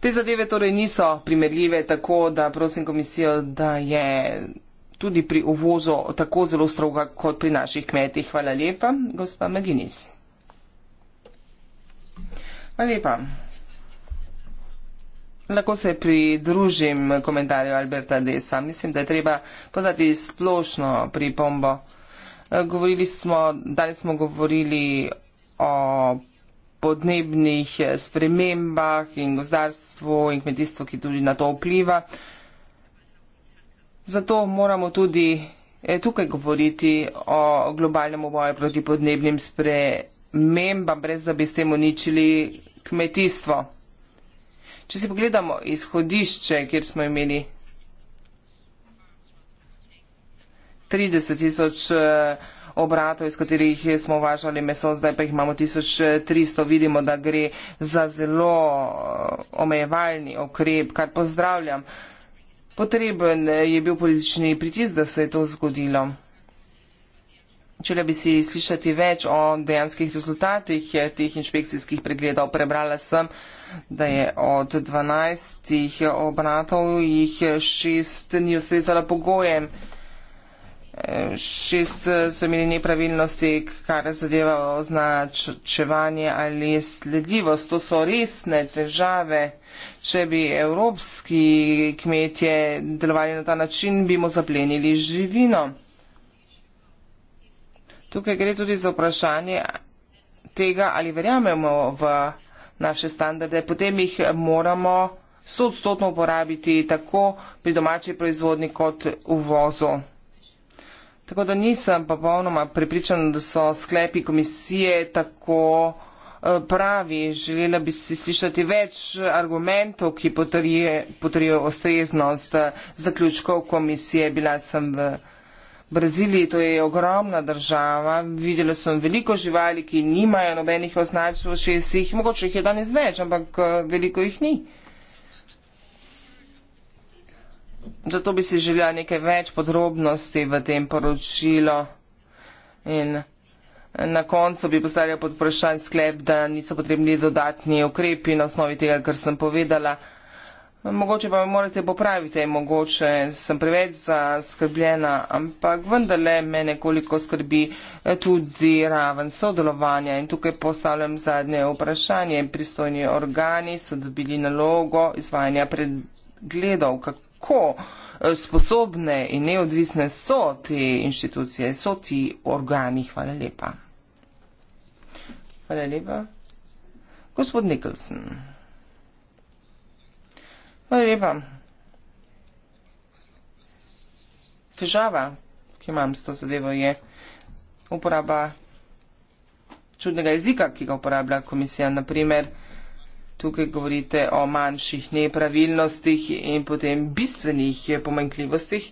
Te zadeve torej niso primerljive, tako da prosim komisijo, da je tudi pri uvozu tako zelo stroga kot pri naših kmetih. Hvala lepa, gospa Maginis. Hvala lepa. Lahko se pridružim komentarju Alberta Desa. Mislim, da je treba podati splošno pripombo. Eh, govorili smo, danes smo govorili o podnebnih eh, spremembah in gozdarstvu in kmetijstvu, ki tudi na to vpliva. Zato moramo tudi eh, tukaj govoriti o globalnem oboju proti podnebnim spremembam, brez da bi s tem uničili kmetijstvo. Če si pogledamo izhodišče, kjer smo imeli 30 tisoč eh, obratov, iz katerih smo uvažali meso, zdaj pa jih imamo 1300, eh, vidimo, da gre za zelo eh, omejevalni okrep, kar pozdravljam. Potreben je bil politični pritisk, da se je to zgodilo. Čele bi si slišati več o dejanskih rezultatih teh inšpekcijskih pregledov. Prebrala sem, da je od 12 obratov jih 6 ni ustrezala pogojem šest eh, so imeli nepravilnosti, kar zadeva označevanje ali sledljivost. To so resne težave. Če bi evropski kmetje delovali na ta način, bi mu zaplenili živino. Tukaj gre tudi za vprašanje tega, ali verjamemo v naše standarde, potem jih moramo stotstotno uporabiti tako pri domači proizvodni kot v uvozu. Tako da nisem pa polnoma pripričan, da so sklepi komisije tako e, pravi. Želela bi si slišati več argumentov, ki potrjujejo ustreznost e, zaključkov komisije. Bila sem v Braziliji, to je ogromna država. Videla sem veliko živali, ki nimajo nobenih označb v šestih, mogoče jih je danes več, ampak e, veliko jih ni. Zato bi si želela nekaj več podrobnosti v tem poročilu. In na koncu bi postavila pod vprašanj sklep, da niso potrebni dodatni ukrepi na osnovi tega, kar sem povedala. Mogoče pa me morate popraviti, mogoče sem preveč zaskrbljena, ampak vendarle me nekoliko skrbi eh, tudi raven sodelovanja in tukaj postavljam zadnje vprašanje. Pristojni organi so dobili nalogo izvajanja predgledov, kako kako eh, sposobne in neodvisne so te inštitucije, so ti organi. Hvala lepa. Hvala lepa. Gospod Nikolson. Hvala lepa. Težava, ki imam s to zadevo, je uporaba čudnega jezika, ki ga uporablja komisija, naprimer tukaj govorite o manjših nepravilnostih in potem bistvenih pomankljivostih.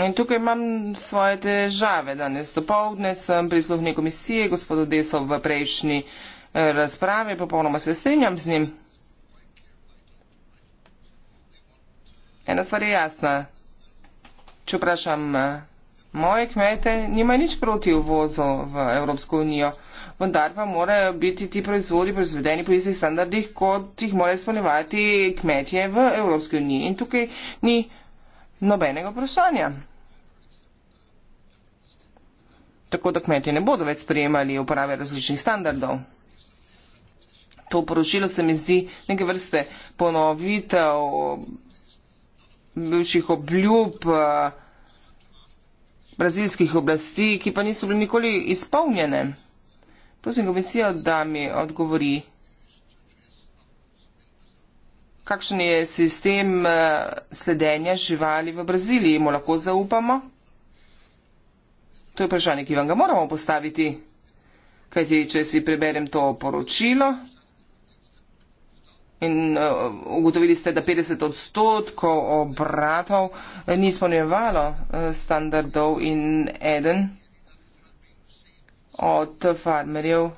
In tukaj imam svoje težave. Danes dopoldne sem prisluhnil komisije, gospodo Desov v prejšnji eh, razpravi, popolnoma se strinjam z njim. Ena stvar je jasna. Če vprašam eh, Moje kmete nima nič proti uvozu v Evropsko unijo, vendar pa morajo biti ti proizvodi proizvedeni po istih standardih, kot jih morajo spolnevati kmetje v Evropski uniji. In tukaj ni nobenega vprašanja. Tako da kmetje ne bodo več sprejemali uporabe različnih standardov. To poročilo se mi zdi neke vrste ponovitev bivših obljub. Uh, brazilskih oblasti, ki pa niso bile nikoli izpolnjene. Prosim komisijo, da mi odgovori, kakšen je sistem eh, sledenja živali v Braziliji. Mo lahko zaupamo? To je vprašanje, ki vam ga moramo postaviti. Kajti, če si preberem to poročilo, In uh, ugotovili ste, da 50 odstotkov obratov ni spolnjevalo uh, eh, standardov in eden od farmerjev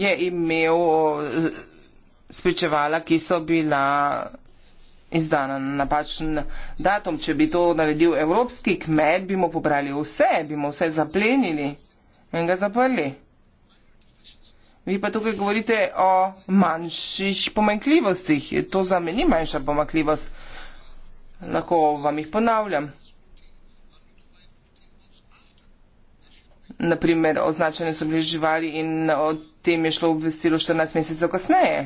je imel uh, spričevala, ki so bila izdana na napačen datum. Če bi to naredil evropski kmet, bi mu pobrali vse, bi mu vse zaplenili in ga zaprli. Vi pa tukaj govorite o manjših pomankljivostih. To za me ni manjša pomankljivost. Lahko vam jih ponavljam. Naprimer, označene so bile živali in o tem je šlo obvestilo 14 mesecev kasneje.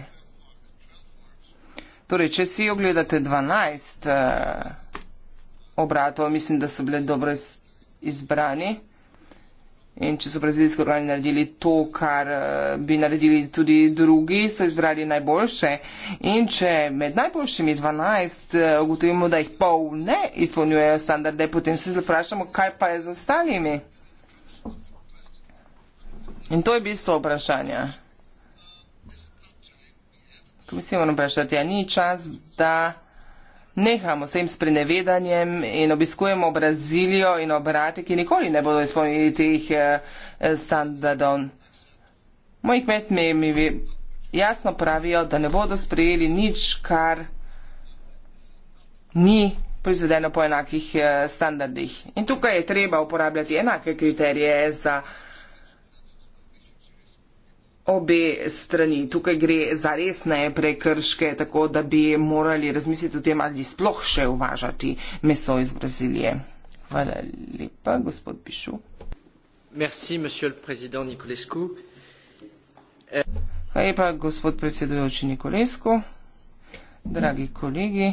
Torej, če si ogledate 12 uh, eh, obratov, mislim, da so bile dobro izbrani. In če so brazilski organi naredili to, kar eh, bi naredili tudi drugi, so izbrali najboljše. In če med najboljšimi 12 eh, ugotovimo, da jih pol ne izpolnjujejo standarde, potem se zelo vprašamo, kaj pa je z ostalimi. In to je bistvo vprašanja. Tu bi si moramo vprašati, ali ja, ni čas, da. Nehamo s tem sprenevedanjem in obiskujemo Brazilijo in obrate, ki nikoli ne bodo izpolnili teh eh, standardov. Moji kmetmi mi jasno pravijo, da ne bodo sprejeli nič, kar ni proizvedeno po enakih eh, standardih. In tukaj je treba uporabljati enake kriterije za obe strani. Tukaj gre za resne prekrške, tako da bi morali razmisliti o tem, ali sploh še uvažati meso iz Brazilije. Hvala lepa, gospod Pišu. Merci, monsieur le président Nicolescu. Hvala lepa, gospod predsedujoči Nikolesku, dragi kolegi.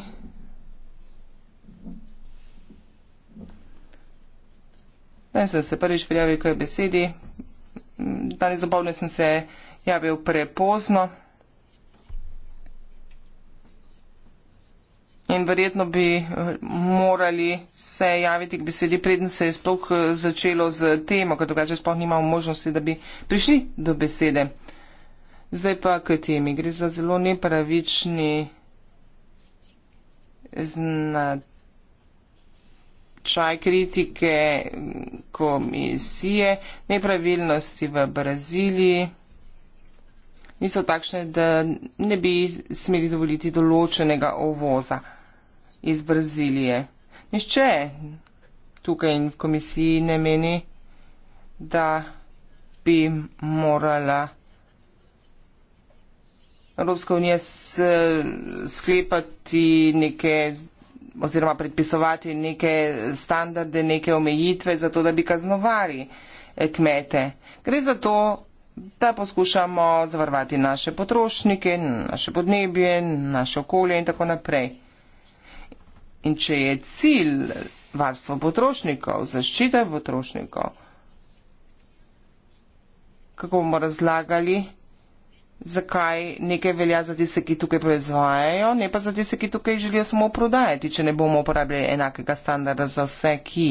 Naj sem se prvič prijavil k besedi, danes zabavno sem se javil prepozno. In verjetno bi eh, morali se javiti k besedi, preden se je sploh eh, začelo z temo, ker drugače sploh nimamo možnosti, da bi prišli do besede. Zdaj pa k temi. Gre za zelo nepravični znak. Čaj kritike komisije, nepravilnosti v Braziliji niso takšne, da ne bi smeli dovoliti določenega ovoza iz Brazilije. Nišče tukaj in v komisiji ne meni, da bi morala Evropska unija sklepati neke oziroma predpisovati neke standarde, neke omejitve, zato da bi kaznovali eh, kmete. Gre za to, da poskušamo zavarvati naše potrošnike, naše podnebje, naše okolje in tako naprej. In če je cilj varstvo potrošnikov, zaščita potrošnikov, kako bomo razlagali, zakaj nekaj velja za tiste, ki tukaj proizvajajo, ne pa za tiste, ki tukaj želijo samo prodajati, če ne bomo uporabljali enakega standarda za vse, ki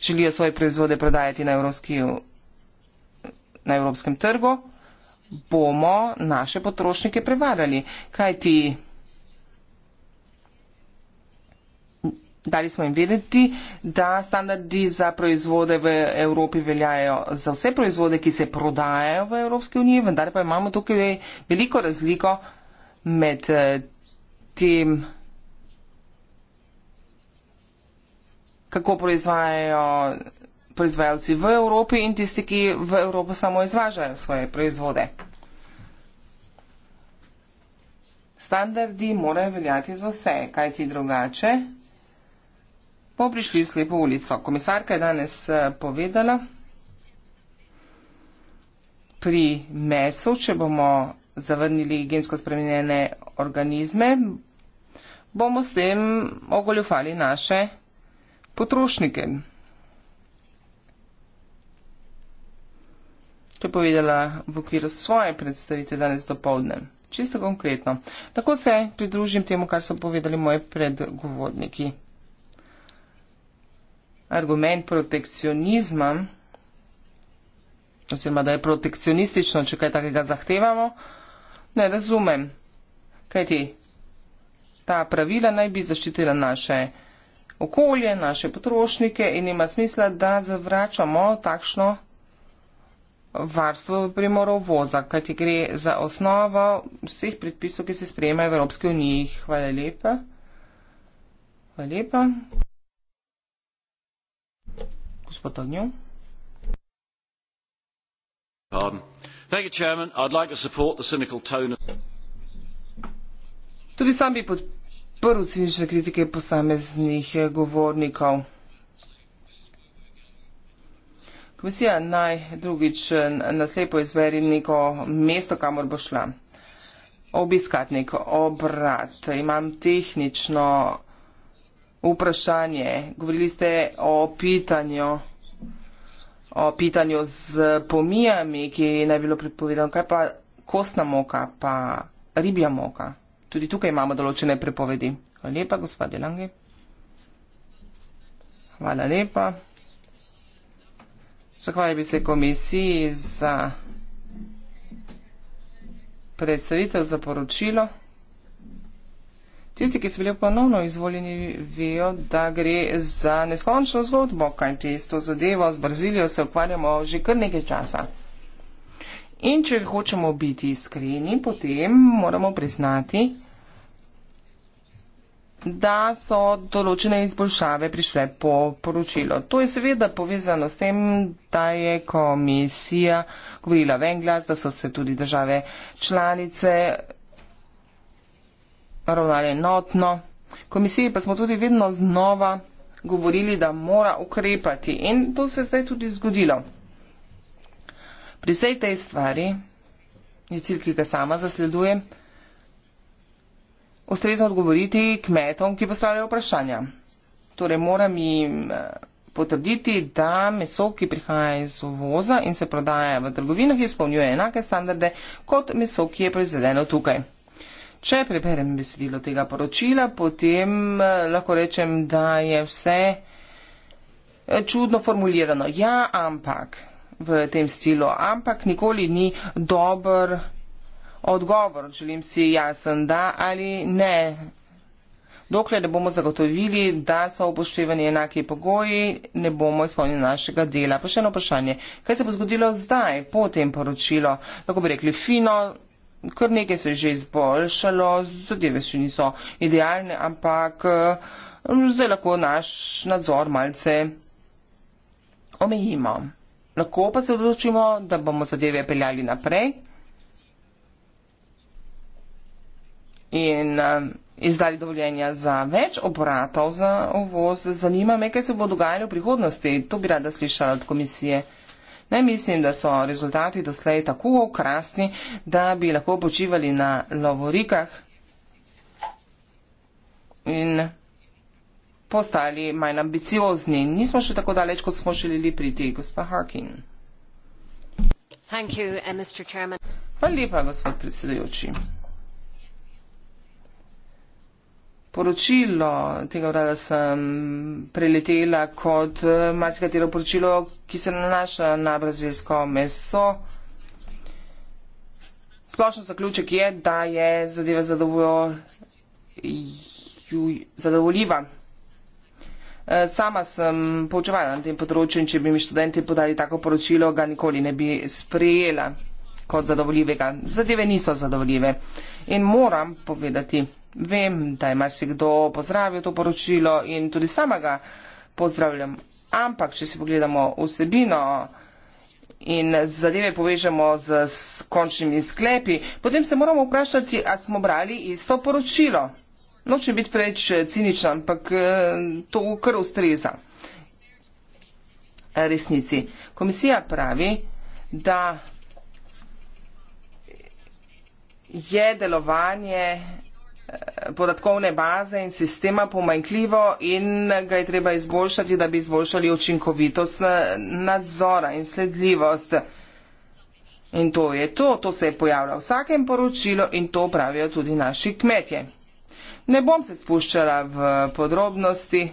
želijo svoje proizvode prodajati na, evropski, na evropskem trgu, bomo naše potrošnike prevarali. Kaj ti? dali smo jim vedeti, da standardi za proizvode v Evropi veljajo za vse proizvode, ki se prodajajo v Evropski uniji, vendar pa imamo tukaj veliko razliko med eh, tem, kako proizvajajo proizvajalci v Evropi in tisti, ki v Evropo samo izvažajo svoje proizvode. Standardi morajo veljati za vse, kaj ti drugače bo prišli v slepo ulico. Komisarka je danes eh, povedala, pri mesu, če bomo zavrnili gensko spremenjene organizme, bomo s tem ogoljufali naše potrošnike. To je povedala v okviru svoje predstavitve danes do povdne. Čisto konkretno. Lahko se pridružim temu, kar so povedali moji predgovorniki argument protekcionizma, oziroma da je protekcionistično, če kaj takega zahtevamo, ne razumem. Kaj ti? Ta pravila naj bi zaščitila naše okolje, naše potrošnike in ima smisla, da zavračamo takšno varstvo primorov voza, kaj ti gre za osnovo vseh predpisov, ki se sprejemajo v Evropski uniji. Hvala lepa. Hvala lepa. Tudi sam bi podprl cinične kritike posameznih eh, govornikov. Komisija naj drugič eh, naslepo izveri neko mesto, kamor bo šla. Obiskatnik, obrat, imam tehnično vprašanje. Govorili ste o pitanju, o pitanju z pomijami, ki naj bilo prepovedano. Kaj pa kostna moka, pa ribja moka? Tudi tukaj imamo določene prepovedi. Hvala lepa, gospod Delange. Hvala lepa. Zahvaljujem se komisiji za predstavitev, za poročilo. Tisti, ki so bili ponovno izvoljeni, vejo, da gre za neskončno zgodbo, kajti s to zadevo, z Brazilijo se ukvarjamo že kar nekaj časa. In če hočemo biti iskreni, potem moramo priznati, da so določene izboljšave prišle po poročilo. To je seveda povezano s tem, da je komisija govorila v en glas, da so se tudi države članice ravnali enotno. Komisiji pa smo tudi vedno znova govorili, da mora ukrepati in to se je zdaj tudi zgodilo. Pri vsej tej stvari je cilj, ki ga sama zasledujem, ustrezno odgovoriti kmetom, ki postavljajo vprašanja. Torej moram jim eh, potrditi, da meso, ki prihaja iz uvoza in se prodaja v trgovinah, izpolnjuje enake standarde kot meso, ki je proizvedeno tukaj. Če preberem besedilo tega poročila, potem eh, lahko rečem, da je vse eh, čudno formulirano. Ja, ampak v tem stilu, ampak nikoli ni dober odgovor. Želim si jasen, da ali ne. Dokler ne bomo zagotovili, da so upoštevani enaki pogoji, ne bomo izpolnili našega dela. Pa še eno vprašanje. Kaj se bo zgodilo zdaj, po tem poročilu? Lahko bi rekli, fino, kar nekaj se je že izboljšalo, zadeve še niso idealne, ampak eh, zdaj lahko naš nadzor malce omejimo. Lahko pa se odločimo, da bomo zadeve peljali naprej in eh, izdali dovoljenja za več obratov za uvoz. Zanima me, kaj se bo dogajalo v prihodnosti. To bi rada slišala od komisije. Ne mislim, da so rezultati doslej tako okrasni, da bi lahko počivali na lovorikah in postali manj ambiciozni. Nismo še tako daleč, kot smo želeli priti, gospa Harkin. Eh, Hvala lepa, gospod predsedujoči. poročilo tega urada sem preletela kot eh, marsikatero poročilo, ki se nanaša na brazilsko meso. Splošno zaključek je, da je zadeva zadovoljiva. Eh, sama sem poučevala na tem področju in če bi mi študenti podali tako poročilo, ga nikoli ne bi sprejela kot zadovoljivega. Zadeve niso zadovoljive in moram povedati. Vem, da ima si kdo pozdravil to poročilo in tudi sama ga pozdravljam. Ampak, če si pogledamo vsebino in zadeve povežemo z končnimi sklepi, potem se moramo vprašati, a smo brali isto poročilo. Noče biti preč ciničen, ampak eh, to kar ustreza resnici. Komisija pravi, da je delovanje podatkovne baze in sistema pomanjkljivo in ga je treba izboljšati, da bi izboljšali učinkovitost nadzora in sledljivost. In to je to, to se je pojavljalo vsakem poročilu in to pravijo tudi naši kmetje. Ne bom se spuščala v podrobnosti,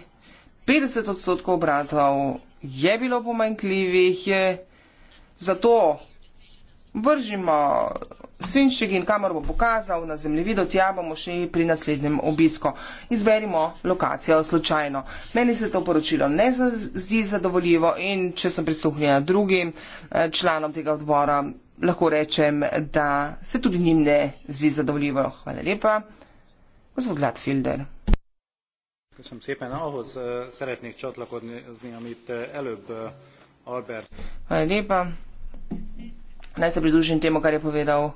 50 odstotkov obratov je bilo pomanjkljivih, zato vržimo svinčik in kamor bo pokazal na zemljevidu, tja bomo šli pri naslednjem obisku. Izberimo lokacijo slučajno. Meni se to poročilo ne zdi zadovoljivo in če sem prisluhnila drugim eh, članom tega odbora, lahko rečem, da se tudi njim ne zdi zadovoljivo. Hvala lepa. Gospod Gladfilder. Köszönöm szépen. Ahhoz uh, szeretnék csatlakozni, amit uh, előbb uh, Albert. Hajlépa. Naj se pridružim temu, kar je povedal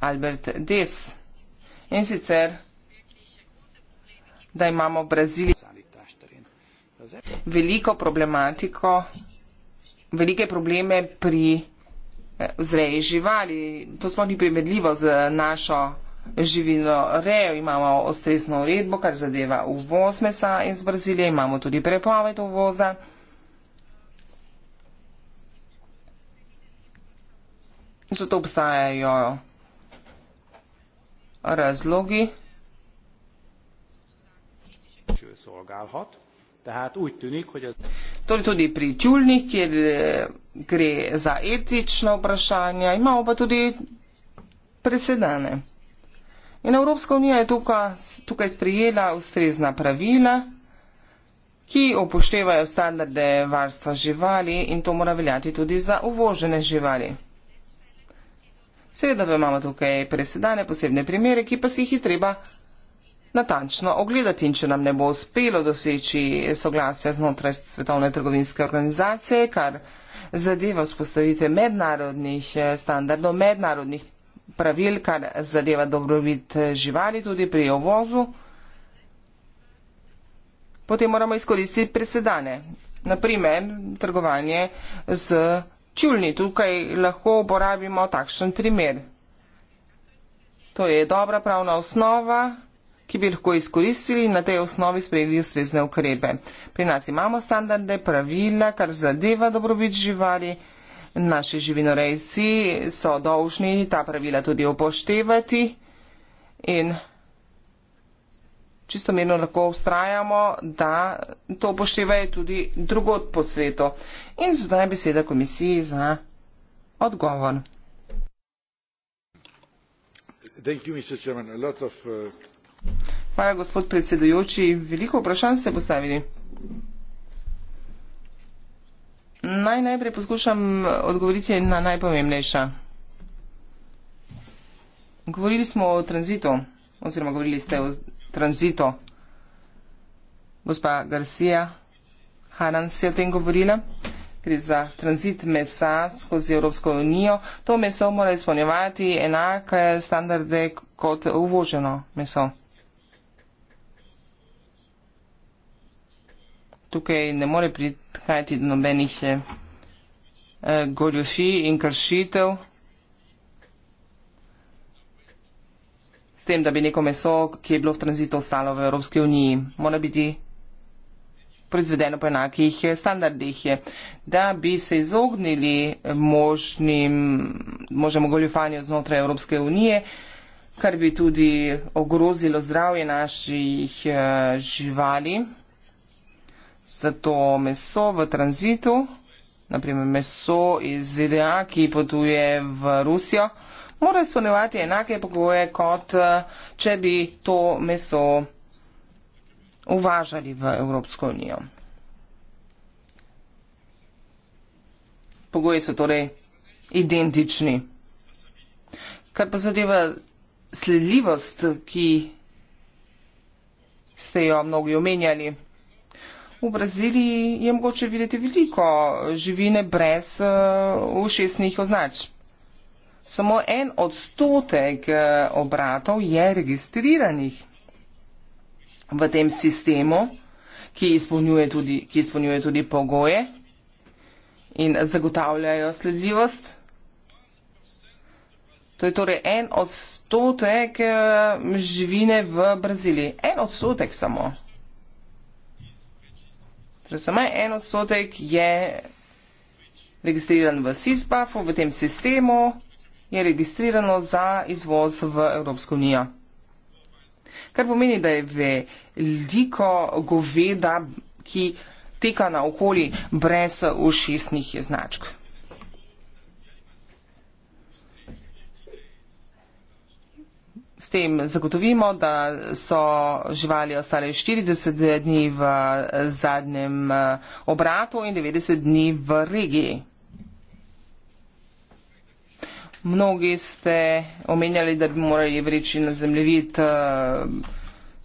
Albert Des. In sicer, da imamo v Braziliji veliko problematiko, velike probleme pri eh, vzreji živali. To smo ni primedljivo z našo živino rejo. Imamo ostresno uredbo, kar zadeva uvoz mesa iz Brazilije, imamo tudi prepoved uvoza. Zato obstajajo razlogi. Torej tudi pri čulnih, kjer eh, gre za etična vprašanja, imamo pa tudi presedane. In Evropska unija je tukaj, tukaj sprijela ustrezna pravila, ki upoštevajo standarde varstva živali in to mora veljati tudi za uvožene živali. Seveda pa imamo tukaj presedane posebne primere, ki pa si jih je treba natančno ogledati in če nam ne bo uspelo doseči soglasja znotraj svetovne trgovinske organizacije, kar zadeva vzpostavitve mednarodnih eh, standardov, mednarodnih pravil, kar zadeva dobrobit eh, živali tudi pri ovozu, potem moramo izkoristiti presedane, naprimer trgovanje z čulni. Tukaj lahko uporabimo takšen primer. To je dobra pravna osnova, ki bi lahko izkoristili in na tej osnovi sprejeli ustrezne ukrepe. Pri nas imamo standarde, pravila, kar zadeva dobrobit živali. Naši živinorejci so dolžni ta pravila tudi upoštevati in čisto mirno lahko ustrajamo, da to upoštevajo tudi drugot po svetu. In zdaj beseda komisiji za odgovor. Uh, Hvala, gospod predsedujoči. Veliko vprašanj ste postavili. Naj najprej poskušam odgovoriti na najpomembnejša. Govorili smo o tranzitu, oziroma govorili ste o tranzito. Gospa Garcia Hanan si o tem govorila. Gre za tranzit mesa skozi Evropsko unijo. To meso mora izpolnjevati enake standarde kot uvoženo meso. Tukaj ne more prihajati do nobenih eh, goljofij in kršitev. tem, da bi neko meso, ki je bilo v tranzitu ostalo v Evropski uniji, mora biti proizvedeno po enakih eh, standardih, eh, da bi se izognili eh, možnim, možnemu goljufanju znotraj Evropske unije, kar bi tudi ogrozilo zdravje naših živali. Zato meso v tranzitu, naprimer meso iz ZDA, ki potuje v Rusijo, mora izpolnjevati enake pogoje, kot eh, če bi to meso uvažali v Evropsko unijo. Pogoji so torej identični. Kar pa zadeva sledljivost, ki ste jo mnogi omenjali. V Braziliji je mogoče videti veliko živine brez eh, ušesnih označb samo en odstotek eh, obratov je registriranih v tem sistemu, ki izpolnjuje tudi, ki izpolnjuje tudi pogoje in zagotavljajo sledljivost. To je torej en odstotek eh, živine v Braziliji. En odstotek samo. Torej samo en odstotek je registriran v SISPAF-u, v tem sistemu, je registrirano za izvoz v Evropsko unijo. Kar pomeni, da je veliko goveda, ki teka na okoli brez ušesnih značk. S tem zagotovimo, da so živali ostale 40 dni v zadnjem eh, obratu in 90 dni v regiji. Mnogi ste omenjali, da bi morali vreči na zemljevid uh,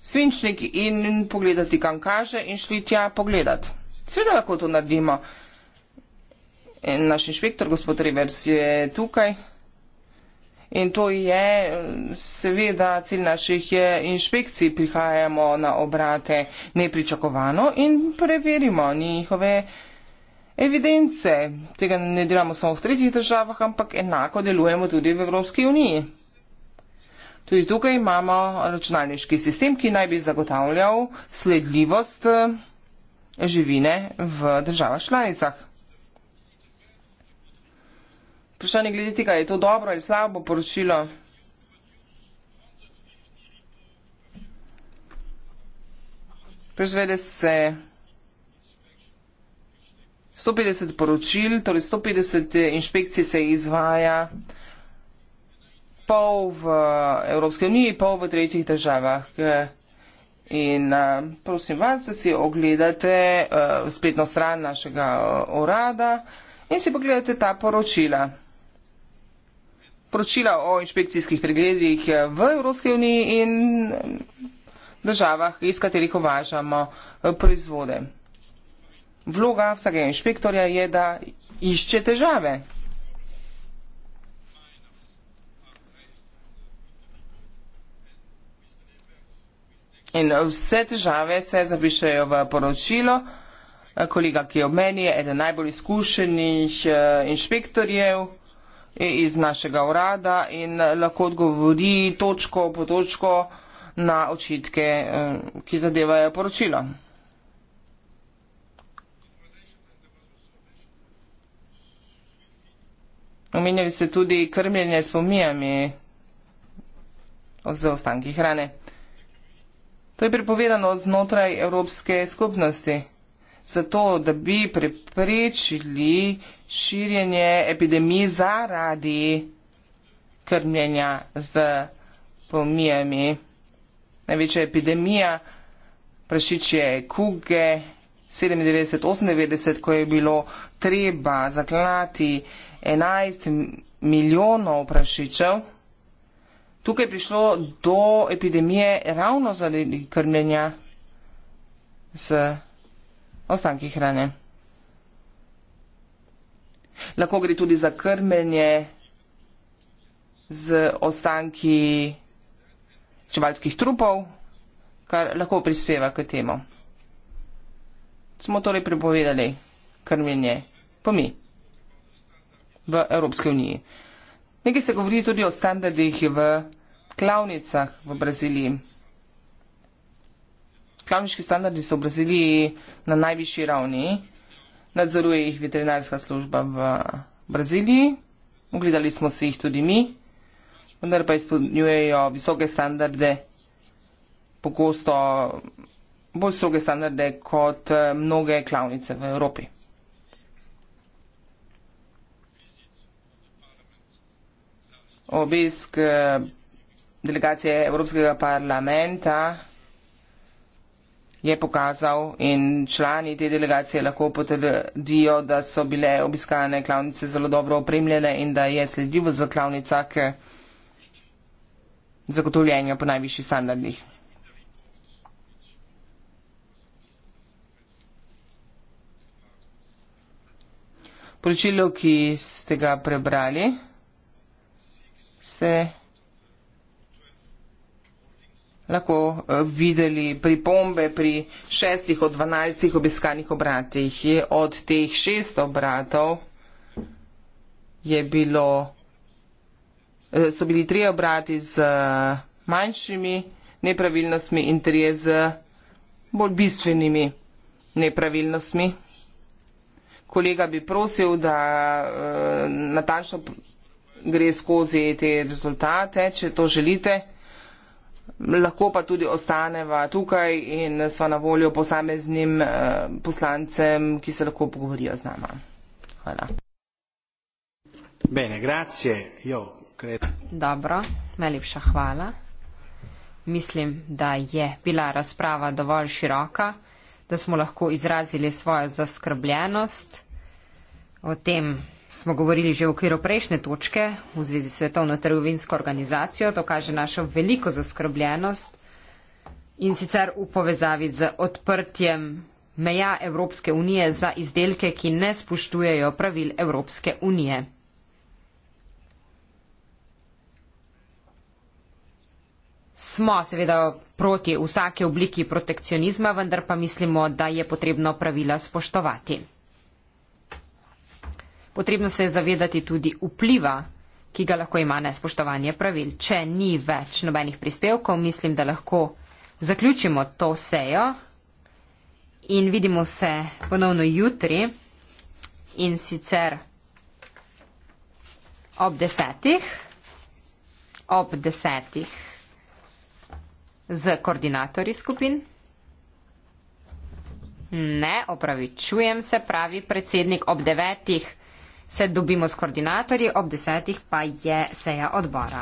svinčnik in pogledati, kam kaže in šli tja pogledati. Seveda lahko to naredimo. In naš inšpektor, gospod Rivers, je tukaj. In to je, seveda, cilj naših je eh, inšpekcij, prihajamo na obrate nepričakovano in preverimo njihove. Evidence tega ne delamo samo v tretjih državah, ampak enako delujemo tudi v Evropski uniji. Tudi tukaj imamo računalniški sistem, ki naj bi zagotavljal sledljivost eh, živine v državah članicah. Vprašanje glede tega, je to dobro ali slabo poročilo? Prezvede se 150 poročil, torej 150 eh, inšpekcij se izvaja pol v eh, Evropske unije, pol v tretjih državah. Eh, in prosim vas, da si ogledate spletno stran našega urada in si pogledate ta poročila. Poročila o inšpekcijskih pregledih v Evropske unije in državah, iz katerih uvažamo proizvode vloga vsakega inšpektorja je, da išče težave. In vse težave se zapišajo v poročilo. Kolega, ki je ob meni, je eden najbolj izkušenih eh, inšpektorjev iz našega urada in eh, lahko odgovori točko po točko na očitke, eh, ki zadevajo poročilo. Omenjali ste tudi krmljenje s pomijami za ostanki hrane. To je prepovedano znotraj Evropske skupnosti, zato da bi preprečili širjenje epidemije zaradi krmljenja z pomijami. Največja epidemija prašičje kuge 97-98, ko je bilo treba zaklati 11 milijonov prašičev. Tukaj je prišlo do epidemije ravno zaradi krmljenja z ostanki hrane. Lahko gre tudi za krmljenje z ostanki čevalskih trupov, kar lahko prispeva k temu. Smo torej prepovedali krmljenje pomi v Evropske uniji. Nekaj se govori tudi o standardih v klavnicah v Braziliji. Klavniški standardi so v Braziliji na najvišji ravni, nadzoruje jih veterinarska služba v Braziliji, ogledali smo si jih tudi mi, vendar pa izpolnjujejo visoke standarde, pogosto bolj stroge standarde kot eh, mnoge klavnice v Evropi. obisk eh, delegacije Evropskega parlamenta je pokazal in člani te delegacije lahko potrdijo, da so bile obiskane klavnice zelo dobro opremljene in da je sledljivo za klavnicah zagotovljenja po najvišjih standardih. Poročilo, ki ste ga prebrali, se lahko eh, videli pripombe pri šestih od dvanajstih obiskanih obratih. Od teh šest obratov je bilo, eh, so bili tri obrati z eh, manjšimi nepravilnostmi in tri z bolj bistvenimi nepravilnostmi. Kolega bi prosil, da natančno gre skozi te rezultate, če to želite. Lahko pa tudi ostaneva tukaj in sva na voljo posameznim eh, poslancem, ki se lahko pogovorijo z nama. Hvala. Bene, grazie. Jo, Dobro, najlepša hvala. Mislim, da je bila razprava dovolj široka, da smo lahko izrazili svojo zaskrbljenost o tem, smo govorili že v okviru prejšnje točke v zvezi s svetovno trgovinsko organizacijo, to kaže našo veliko zaskrbljenost in sicer v povezavi z odprtjem meja Evropske unije za izdelke, ki ne spoštujejo pravil Evropske unije. Smo seveda proti vsake obliki protekcionizma, vendar pa mislimo, da je potrebno pravila spoštovati. Potrebno se je zavedati tudi vpliva, ki ga lahko ima nespoštovanje pravil. Če ni več nobenih prispevkov, mislim, da lahko zaključimo to sejo in vidimo se ponovno jutri in sicer ob desetih, ob desetih z koordinatorji skupin. Ne, opravičujem se, pravi predsednik, ob devetih se dobimo s koordinatorji, ob desetih pa je seja odbora.